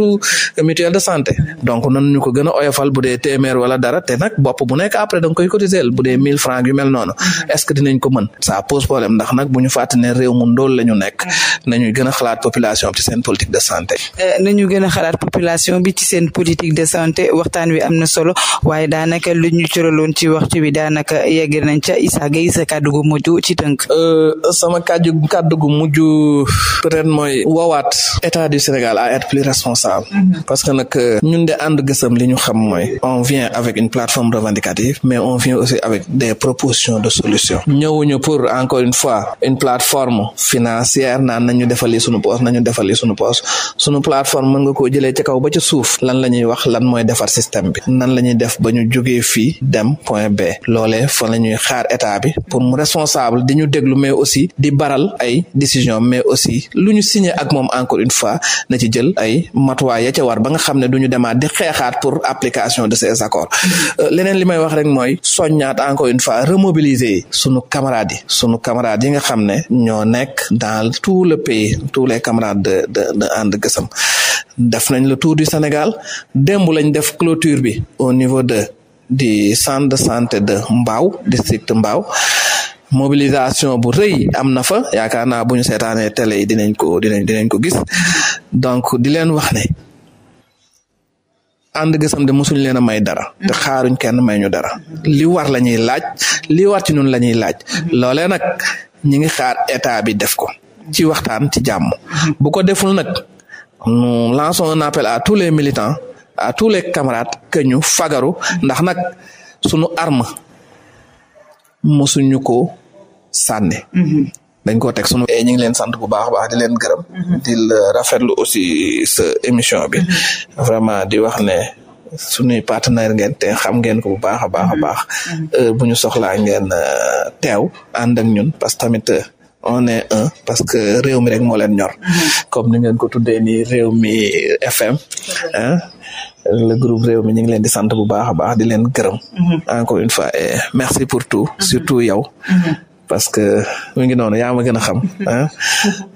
mutuelle de santé donc nan ko gën oyofal bu dee wala dara te nag bopp bu après da koy cotiser bu dee mille francs yu noonu mm-hmm. est ce que dinañ ko mën ça pose problème ndax nag bu ñu fàtte ne réew mu ndóol la ñu nekk mm-hmm. a xalaat population bi ci seen politique de santé eh, politique de santé waxtaan wi am na solo waaye daanaka lu ñu cëraloon ci waxtu wi daanaka yegg nañ ca Issa Gueye sa kàddu gu mujj ci tënk. Euh, sama kàddu kàddu gu mujj peut-être mooy woowaat état du Sénégal à être plus responsable. Mhm. parce que nag euh, ñun de ànd gësam li ñu xam mooy on vient avec une plateforme revendicative mais on vient aussi avec des propositions de solutions. ñëwuñu pour encore une fois une plateforme financière na na defali suñu poste nañu defali suñu poste suñu plateforme mën ñuy wax lan mooy defar système bi nan la ñuy def ba ñu jógee fii dem point B loole fa la ñuy xaar état bi pour mu responsable di ñu déglu mais aussi di baral ay décision mais aussi lu ñu signé ak moom encore une fois na ci jël ay matuwaay ya ca war ba nga xam ne du ñu demaat di xeexaat pour application de ces accords euh, leneen li may wax rek mooy ñaat encore une fois remobiliser sunu camarades yi sunu camarades yi nga xam ne ñoo nekk dans tout le pays tous les camarades de de de And def nañ le tour du Sénégal démb lañ def clôture bi au niveau de du centre de santé de Mbao district mbaaw mobilisation bu rëy am na fa yaakaar naa bu ñu seetaanee télé yi dinañ ko dinañ dinañ ko gis donc di leen wax ne ànd gësam de mosuñ leen a may dara te xaaruñ kenn may ñu dara li war la ñuy laaj li war ci ñun la ñuy laaj loolee nag ñi ngi xaar état bi def ko ci waxtaan ci jàmm bu ko deful nag nous lançons un appel à tous les militants à tous les camarades que ñu fagaru ndax nag sunu arme mosuñu ko sànni. Mhm. dañ koo teg sunu. ñu ngi leen sant bu baax a baax di leen gërëm. Mhm. di rafetlu aussi sa émission bi. Mhm. vraiment di wax ne sunuy partenaire ngeen te xam ngeen ko bu baax a baax a baax. Euh, bu ñu soxlaa ngeen euh, teew ànd ak ñun parce que tamit. Euh, on est un parce que réew mi rek moo leen ñor comme ni ngeen ko tuddee ni réew mi FM ah le groupe réew mi ñu ngi leen di sant bu baax a baax di leen gërëm mm-hmm. encore une fois et merci pour tout mm-hmm. surtout yow mm-hmm. parce que mu ngi noonu yaa ma gën a xam ah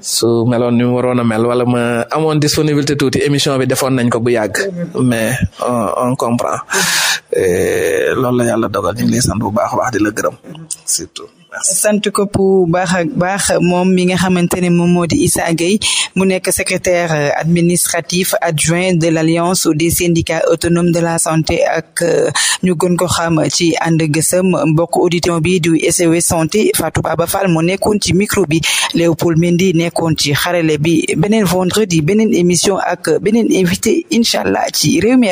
su meloon ni waroon a mel wala ma amoon disponibilité tuuti émission bi defoon nañ ko bu yàgg mais on comprend loolu la yàlla dogal ñu ngi lay sant bu baax a baax di la gërëm surtout sant ko bu baax a baax moom mi nga xamante ne moom moo di Issa Gueye mu nekk secrétaire administratif adjoint de l'alliance des syndicats autonome de la santé ak euh, ñu gën ko xam ci ànd gësëm mbokk auditeur bi di SOS santé Fatou Baba Fall moo nekkoon ci micro bi Léopold Mendy nekkoon ci xarale bi beneen vendredi beneen émission ak beneen invité incha allah ci Rewmi